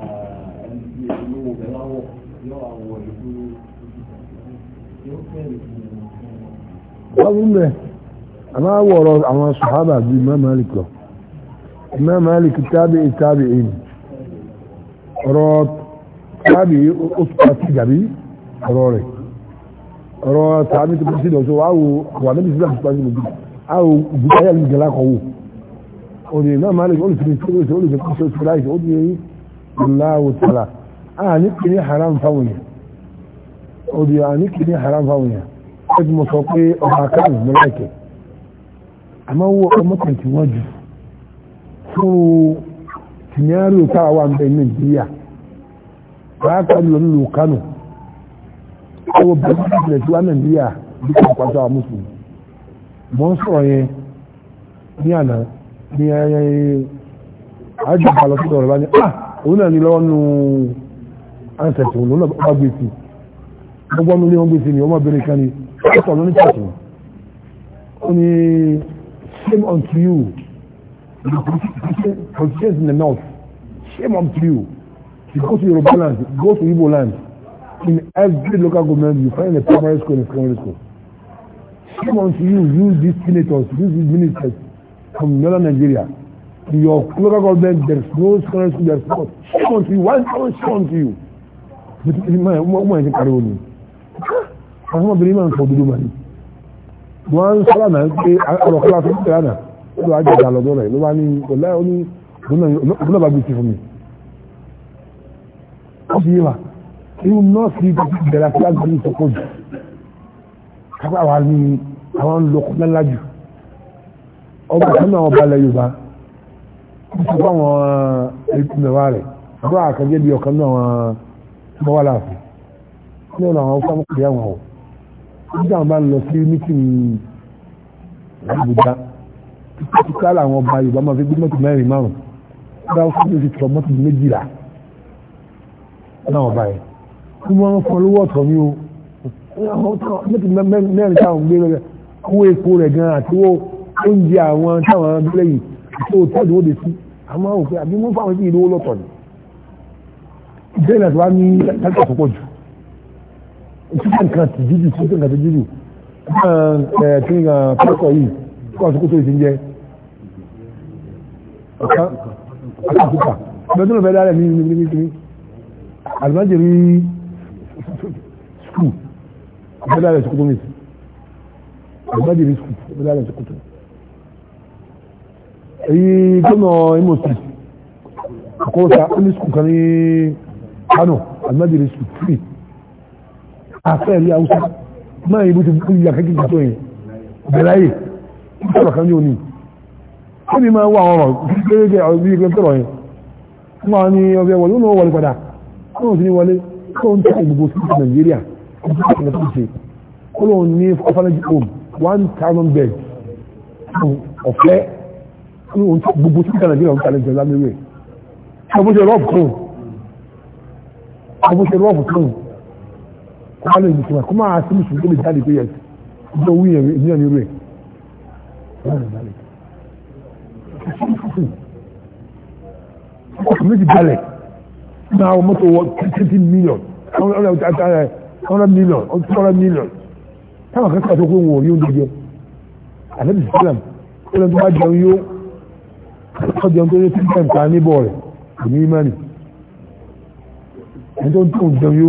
ẹni tí olówó rẹ̀ láwọ̀ yọ àwọ̀ ìlú yóò fẹ́rẹ̀ fún un. wọ́n wúlò ẹ̀ àmọ́ àwọ̀rọ̀ àwọn sàhábà bíi Imam Malik lọ Imam Malik tábì tábì ẹ̀yìn ọ̀rọ̀ tábì ó tún pa sí gàbí ọ̀rọ̀ rẹ̀ ọ̀rọ̀ tàbí tó pèsè ìdọ̀tọ̀ wà wà níbi sílẹ̀ tó pàṣẹ Allahu a ah, ní kì haram fáwọn odò a ah, haram sọ pé àmọ́ ọmọ wọ́n jù fún wà ń bẹ Nàìjíríà lọ Kánò ọwọ́ bẹ̀rẹ̀ tí wà Nàìjíríà òun náà ní lọ́wọ́ nù ancestry òun náà ọba gbé gbogbo ọmọ ilé wọn gbé ni ọmọbìnrin kan ni ó sọ lóní church ó ní shame unto you Consciousness in the north shame unto you you go to Yoruba land go to Igbo land in every local government you find a primary school and a secondary school shame unto you use these senators use these ministers from northern Nigeria to your local government, There's no scholarship, there is no shame on you. Why is someone shame on you? But my woman is carry on you. Àwọn ọmọbìnrin máa ń sọ òdodo màá ní. Wọ́n ń sọ́lá náà pé ọ̀rọ̀kọ́lá fún ìpínlẹ̀ àná ló wá jẹ̀dá lọ́dọ̀ rẹ̀ ló wá ní ọ̀lá ó ní òun náà bá gbé sí fún mi. Ó fi yé wa, irú nọ́ọ̀sì ìbẹ̀rẹ̀ àti láti ní ìsọ̀kọ́ jù. Kápá wa ní àwọn ń lọ kọ́ńtà lájù. Ọba kan náà ọba ilẹ̀ Yorùbá nípa àwọn ẹ̀kúnmẹ̀wá eh, rẹ̀ bọ́ àkàjẹ́ bí ọ̀kan náà wọ́n wà láàfin ní ọ̀nà àwọn ọkọ̀ àmọ́kùnrin àwọn ọ̀ nígbà wọn bá lọ sí mítìn Àbújá kíkà làwọn ọba Yorùbá máa fi gbé mọ́tò mẹ́rin márùn bá wọn fún oṣù tó mọ́tò méjìlá náà ọba yẹn kí wọ́n fọ lówó ọ̀tọ̀ ní o mọ́tò mẹ́rin táwọn gbé rẹ̀ kó epo rẹ̀ gan àti owó oúnjẹ àwọn táwọn abúlé yìí àti òtẹ́ẹ̀lì ó de sí àmọ́ òfin àbí mú fáwọn ìdílé owó lọ́tọ̀ ni ìbéèrè àti wá ní láti àkọ́kọ́ jù ìtúkọ̀ nǹkan ti jíjù tó nǹkan ti jíjù náà kí nǹkan pẹ́kọ̀ yìí kí wọ́n sọ́kótó ìsìn jẹ́ ọ̀kan alákùúkà bẹ́ẹ̀ tó lọ bẹ́ẹ̀ dára ní ní ní ní alimajiri skul bẹ́ẹ̀ dára sọ́kótó mi alimajiri skul bẹ́ẹ̀ dára sọ́kótó mi èyí gómìnà Imo State àkọ́wọ́sá ní skul kan ní Kano alimẹ́dìrì skul three àfẹ́ ẹ̀rí Haúsá máa yìí bó ti kú ìyá kékeré tó yẹn bẹ̀rẹ̀ ayé kí sọ̀rọ̀ kan ní òní ó ní máa wá ọ̀rọ̀ kékeré ọ̀rọ̀ bí kékeré sọ̀rọ̀ yẹn wọ́n máa ní ọbẹ̀ wọlé ó náà wọlé padà ó náà sì ní wọlé ó ń tẹ̀ gbogbo sí Nàìjíríà ó ti sọ̀rọ̀ tó ṣe ó lóun ní orphanage home one thousand beds ọ̀fẹ́ ohun tó gbogbo tí kànáà dín àwọn kànáà jẹ lámẹ́wẹ̀ ọmọ ṣe rọ́ọ̀bù kan ọmọ ṣe rọ́ọ̀bù kan million hundred million two hundred million táwọn akẹ́kọ̀ọ́ tó kó wọn ò rí oúnjẹ jẹ àlẹ́ bìsílẹ̀ ó lẹ́nu ọjọ́ tó yẹ kíkà ń ta níbọ̀ rẹ̀ kò ní ẹni tó ń tó ń jẹun yó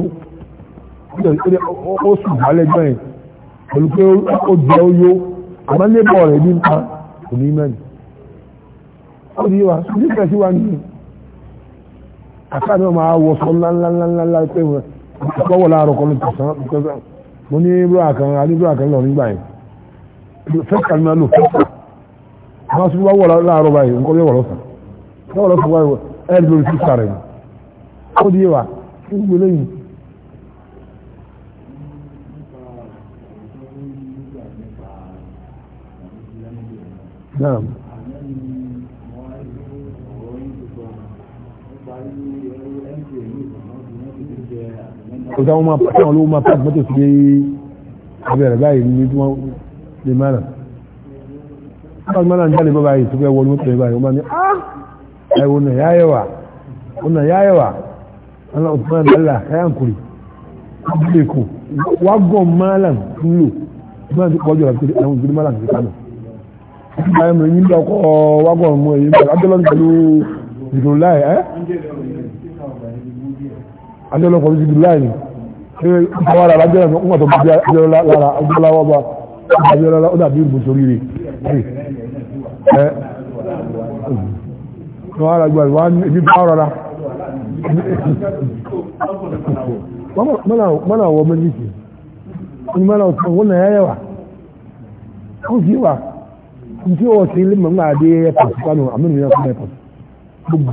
ó sùn wálẹ̀ jọ yẹn pẹ̀lú pé ó jẹ ó yó àmọ́ níbọ̀ rẹ̀ ní nǹkan kò ní ó di wa nígbà sí wa nìyí àkáàdé wọn máa wọ sọ ńláńláńláńlá pé wọn lọ́wọ́ láàárọ̀ kọ́ ló ti sàn mo ní búrọ̀ àkàn àní búrọ̀ àkàn lọ nígbà yẹn fẹ́ kàlí máa lò fẹ́ kàlí àwọn sọ wọ́n wọ́n láàárọ̀ báyìí nǹkan bí wọ́n lọ́sàn wọ́n wọ́n lọ́sàn báyìí ẹ̀ lórí sísà rẹ̀ ni ó di wa kí n gbé lẹ́yìn. Naam. Ọ̀dà wọn máa pàṣẹ àwọn olówó máa pàṣẹ mọ́tò sí abẹ́rẹ́ báyìí ní tí wọ́n lè máa rà ọmọ náà jáde bọ́ báyìí tó fẹ́ wọlé mọ́tò ẹ̀ báyìí wọ́n bá ní ah, ẹ̀wọ̀n náà yá yẹwà wọ́n náà yá yẹwà ọ̀nà ọ̀tún náà lálà ẹ̀yà ń kúrì abúlé kù wágọ̀ mọ́là ń lò máa ti pọ̀jù àti àwọn ìgbìmọ̀ mọ́là ti kánà báyìí mo ní ọkọ̀ wágọ̀ mọ́ èyí bá adọ́lọ́ pẹ̀lú zidulai ẹ́ adọ́lọ́ pẹ̀lú zidulai ni ṣé àwọn ará adọ́lọ́ ń wà tó bí adọ́lọ́ lára adọ́lọ́ wọ́ bá adọ́lọ́ ó dàbí ìbùsọ̀ rírì ẹ́ gbogbo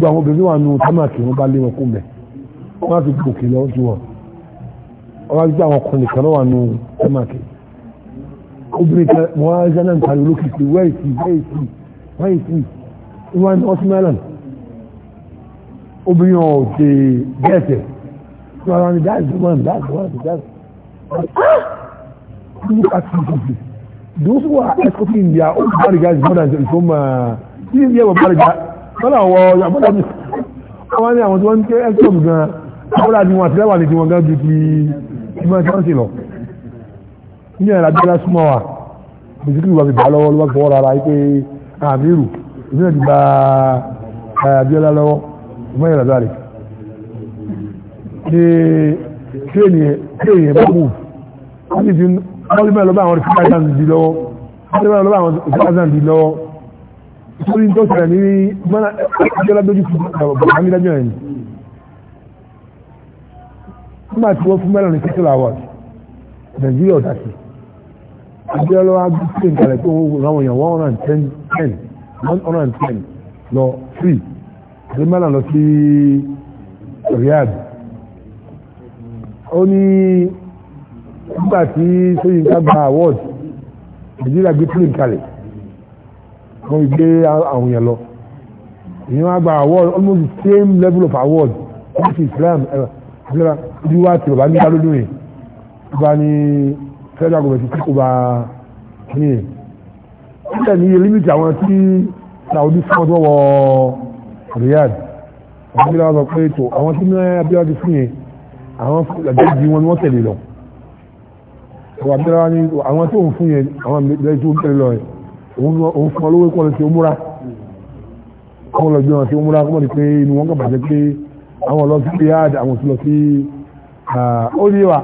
àwọn obìnrin wà nù támàkì wọn bá lé wọn kó mẹ wọn á lọ sí wọn wọn àwọn ọkùnrin kan wà nù támàkì obìnrin kan wọn á yánnà ń tari olókìkí wẹ́ẹ̀sì wẹ́ẹ̀sì wáyé tí wọ́n ní ọtí mẹ́lẹ̀n obìnrin ọ̀ ṣe gẹ́ẹ̀tẹ̀ tí wọ́n ní dáàbì tó wọ́n dáàbì wọ́n ti dáàbì look at you those who are escorting their own body guys more than their own kí ni ìyẹ̀wò body guys lọ́nà àwọn ọ̀yà bọ́dà mi wọ́n ní àwọn tí wọ́n ń ké escort gan bọ́dà ni wọ́n àtìlẹ́wà ní tiwọn gan ju ti ìmọ̀ ìtọ́nsì lọ ní ẹ̀rọ abẹ́lá súnmọ́ wa bìsíkì wà fi bá lọ́wọ́ lọ́wọ́ fọwọ́ rárá pé àmìrù ìdílé ti gba Abíọ́lá lọ́wọ́ ọmọ ìrìn àdáre ní tírénì ẹ̀ bá mú wọ́n ti fi wọ́n ti mẹ́rin lọ́bà àwọn ìfúnkájáǹdì di lọ́wọ́ wọ́n ti mẹ́rin lọ́bà àwọn ìfúnkájáǹdì di lọ́wọ́ torí tó ṣẹlẹ̀ ní mọ́nà Abíọ́lá dojú fún bàbá dájọ́ ẹ̀ ní nígbà tí wọ́n fún abiola agbèsè nkàlẹ̀ tó wọ́n láwọn èèyàn one hundred and ten ten one hundred and ten lọ three gbé plane kalẹ̀ wọ́n gbé àwọn èèyàn lọ èèyàn wá award almost the same level of award wọ́n ti Islam ẹ̀rọ ìdíwá tìrọ̀bá nígbà lódún yìí wọ́n ní federal government ti kó ba kíni yẹn ó dẹ̀ ní límìtì àwọn tí Saudi fún ọdún wọ Riyadh àbílá sọ pé tó àwọn tí ní abílá ti fún yẹn àwọn àjẹjì wọn ni wọ́n tẹ̀lé lọ àbílá ni àwọn tó ń fún yẹn àwọn àbílá tó ń tẹ̀lé lọ yẹn òun fún olówó kọ́ lọ sí omúra kọ́ lọ gbé wọn sí omúra kọ́ lọ pé inú wọn kọ́ bàjẹ́ pé àwọn lọ sí Riyadh àwọn tó lọ sí ó ní wa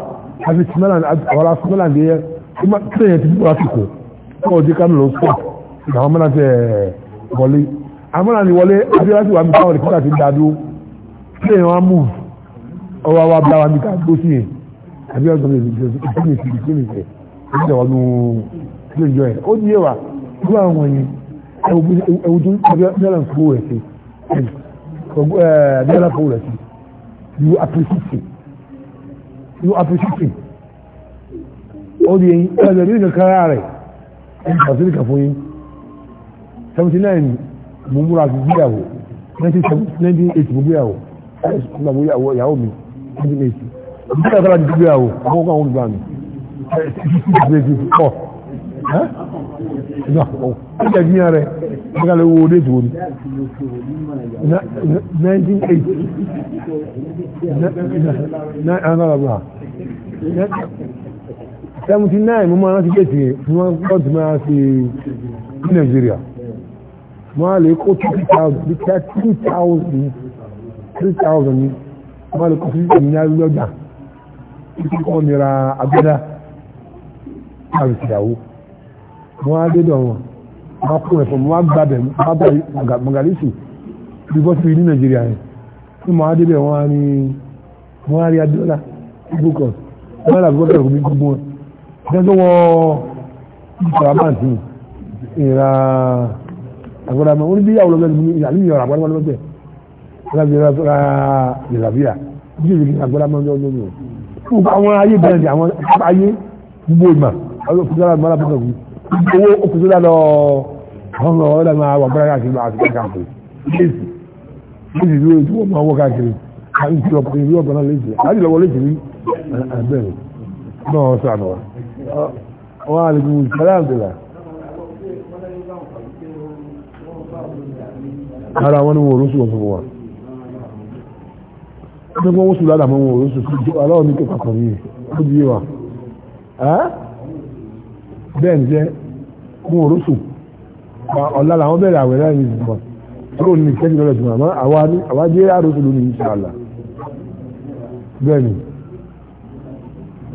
àti tìmẹ́làn àwọn asọ́mẹ́làn gẹ́yẹ tí yẹn ti bí wọ́n àsìkò tó ọdí ká lọ sọ àwọn mẹ́làn tẹ eh, wọlé àmọ́làn ni wọlé abíyájú wa mi káwọn ìfúnka ti dàdó tí yẹn wọn mú ọwọ́ wa bí wa mi ká gbó sí yẹn abíyájú mi ti jẹ ìfún mi ti di kí mi tẹ èyí tẹ wọn nù ilé ìjọ yẹn ó díẹ̀ wa bí wọn wọn yẹn ẹwù tó abíyájú fowó rẹ̀ sí eh, abíyájú fowó rẹ̀ sí you appreciate it you appreciate him ó di ẹyin ẹgbẹ̀rẹ̀ bí nǹkan kára rẹ̀ ẹgbẹ̀rẹ̀ kan fún yín 79 mo múra sí gbéyàwó 1980 mo gbéyàwó ẹgbẹ̀rẹ̀ mo yàwó yàwó mi 1980 mo gbéyàwó kọ́ra di gbéyàwó àwọn ọkọ̀ àwọn olùgbà mi 1984 ẹ̀jẹ̀ bí yàn rẹ̀ nígbà lè wo odé tó ní 1980 79 mo máa rántí kéèkì tí wọ́n kọ́ máa fi ní Nàìjíríà wọ́n á lè kó 2000 bí kí á 3000 3000 ní wọ́n á lè kó 5000 ní arúgbọ́gbà kíkọ́ nira agbádá àbìsíyàwó wọ́n á dé dọ̀wọ̀n wọ́n á kún ẹ̀fọ́ wọ́n á gbàbẹ̀ mọ̀gàlísì bí bọ́ sí ní nàìjíríà yẹn tí wọ́n á dé bẹ̀ wọ́n á ní wọ́n á rí adúlá ibùkọ̀ wọ́n á làbúkọ̀ bẹ̀rẹ̀ omi gbogbo wọn dájọ́ wọ́n ìfaramáǹtì ìra àgbàdà mọ́ orí bí yàwó lọ́gbẹ́ ní àlú ìyàwó àgbàdà wọn lọ́gbẹ́ lábẹ́ra ìràbíà mọ́ owó òkùnkùn lọ ọ̀nà ọ̀là máa wà bára káàkiri máa àtìkà káàkiri léèsì léèsì ló ń túbọ̀ máa wọ́ káàkiri káàkiri ìlú ọ̀pọ̀ ìlú ọ̀pọ̀ náà léèsì láti lọ́wọ́ léèsì rí àbẹ̀rẹ̀ náà sànù wa wọ́n á lè gbogbo ìsàlẹ̀ àbẹ̀rẹ̀ ara wọn ni wọn ò rọ́sù wọn fún wa ọdún wọn wọ́sù ládàá mọ́ wọn ò rọ́sù aláwọ̀ ní kẹ́kọ̀ọ́ kọ̀ bẹ́ẹ̀ ń jẹ́ fún orúsù ọ̀la làwọn bẹ̀rẹ̀ àwẹ̀ náà ní ìgbọ̀n tó ní ìṣẹ́jú lọ́dọ̀ jùmọ̀ àmọ́ àwa jẹ́ àrùsù lónìí ìṣàlà bẹ́ẹ̀ ni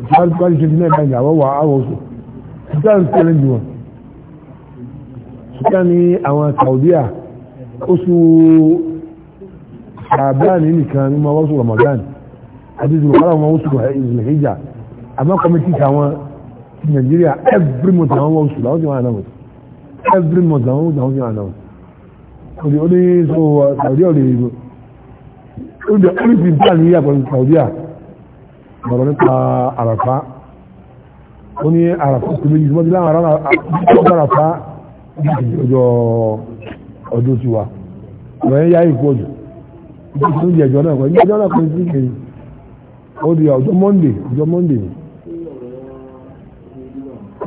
ìṣàlùkọ́ ìṣẹ́ ti náà ní àwọn wà áwọ̀ oṣù ìṣẹ́ ń tẹ̀lé jùmọ̀ ìṣẹ́ ni àwọn saudiya oṣù àbáàní nìkan ní ma wọ́sù ramadan àti ìṣòro kárà wọn oṣù ìṣòro àmọ́ kọ́mítì àwọn Nigeria every month I àwọn wọ́n oṣù làwọn ti wọ́n announce every month àwọn oṣù làwọn ti wọ́n announce òde ó ní so Saudi ọ̀lẹ́ ìlú ó dẹ̀ ó ní fi bá ní yàtọ̀ ní Saudi à bọ̀rọ̀ nípa àràfá ó ní àràfá tó méjì mọ́tí láwọn ará àràfá ọjọ́ ọdún sí wa ọ̀rọ̀ yẹn yá ìpọ̀ jù ó ti tún jẹ̀jọ́ náà kọ́ ẹjọ́ náà kọ́ ní sí kẹ́yìn ó di ọjọ́ Monday ọjọ́ Monday ni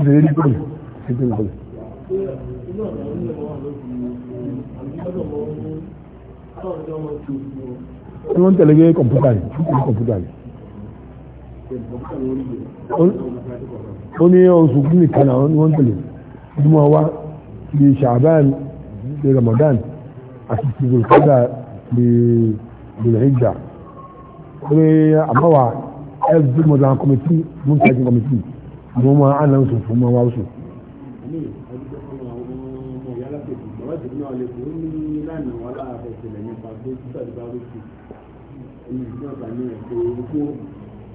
ìbèrè ní bọ́ọ̀lù ẹgbẹ́ ìbọ̀lù. wọ́n wọ́n tẹ̀lé gẹ́gẹ́ kọ̀mpútà yìí kọ̀mpútà kọ̀mpútà yìí. ó ní oṣù kí nìkan náà ni wọ́n tẹ̀lé ìdúmọ̀ wa ti ṣàbán ti Ramadan àti ti zulkada ti zulhijja. ó ní àmọ́wà ẹ̀ bí mo dàn kọ́mìtì mú tẹ̀sí àwọn ọmọ anáwùsù fún ọmọ wa ọsù.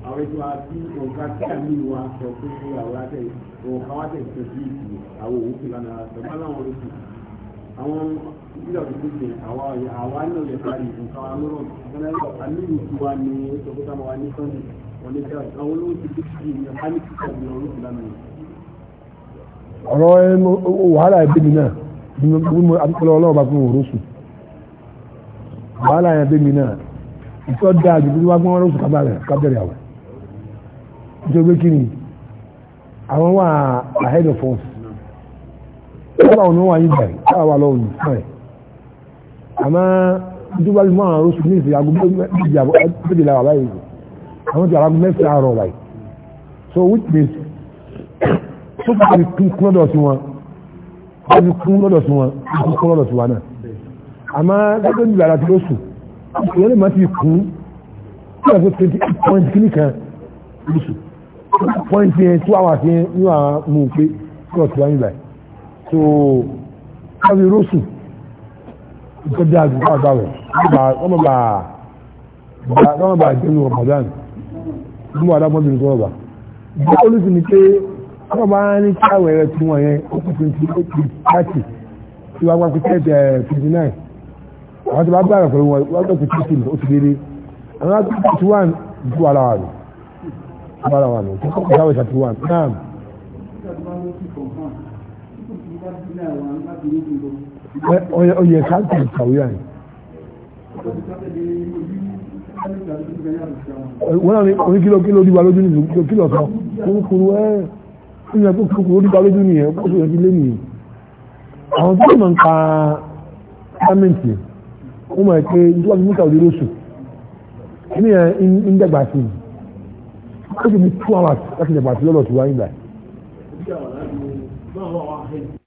àwọn ètò àti nǹkan tí a ní wa sọ pé àwọn àtẹ nǹkan wa tẹ̀ ń tẹ̀sí ìsìn àwọn òun fi lánàá tẹ̀mọ́ láwọn oṣù àwọn ìdílé ọ̀dọ́ ṣe àwa àwa náà lè parí nǹkan wa lọ́rọ̀ nígbà tí a ní ìtura ní oṣù tó tá a máa wá ní sunday ọ̀rọ̀ wàhálà ẹbí mi náà bí mo àtúkọ̀lọ́ ọlọ́ọ̀bá fún òrósù wàhálà ẹbí mi náà ìtọ́ dáa jù bí wọ́n gbọ́n òrósù kábẹ̀rẹ̀ àwẹ̀ nítorí pé kí ni àwọn wà ahead of us wọ́n àwọn ọ̀nà wà yí bẹ̀rẹ̀ káà wà lọ́wọ́ yìí fún ẹ̀ àmọ́ nítorí wọ́n gbọ́n òrósù ní ìsìn àgọ́ méjìlá wà báyìí àwọn ti àwọn mẹ́sàn àárọ̀ wáyé so which means tó bá ti kún kún lọ́dọ̀ sí wọn wọ́n ti kún lọ́dọ̀ sí wọn kún kún lọ́dọ̀ sí wọn náà àmọ́ gẹ́gẹ́ bí ara ti ló sùn ìyẹn lè má ti kún tí wọ́n fi twenty eight point kìíní kan lóṣù point yẹn two hours yẹn ní wàá mú un pé kí wọ́n ti wáyé báyìí so wọ́n fi rósù nǹkan dáa ju káàkiri ọmọ bàa ọmọ bàa jẹun ọmọdé mú adámọ́bìnrin tó ọba bí olùsìn ni pé wọ́n bá ní kí àwọn ẹ̀rẹ́ tí wọ́n yẹn ó kù twenty eight ti dédé àwọn àti twenty one ju ara wà lò ju ara wà lò tó kọ́ ìyáwó thirty one náà. ọyẹ ìkàwé àyè wọ́n ní orí kílò kílò díwá lójú nìyẹn kílò kílò kan kúrúkúrú ẹ́ ìyẹn tó kúrúkúrú díwá lójú nìyẹn ó sì rẹ̀ lé nìyẹn àwọn tó mọ̀ ń ka sámẹ́ǹtì ó mọ̀ pé ìjọba ní mítà òdúró sùn ní ẹ̀ ń dẹ̀gbà sí i ó sì ní two hours láti dẹ̀gbà sí lọ́dọ̀ tí wọ́n ń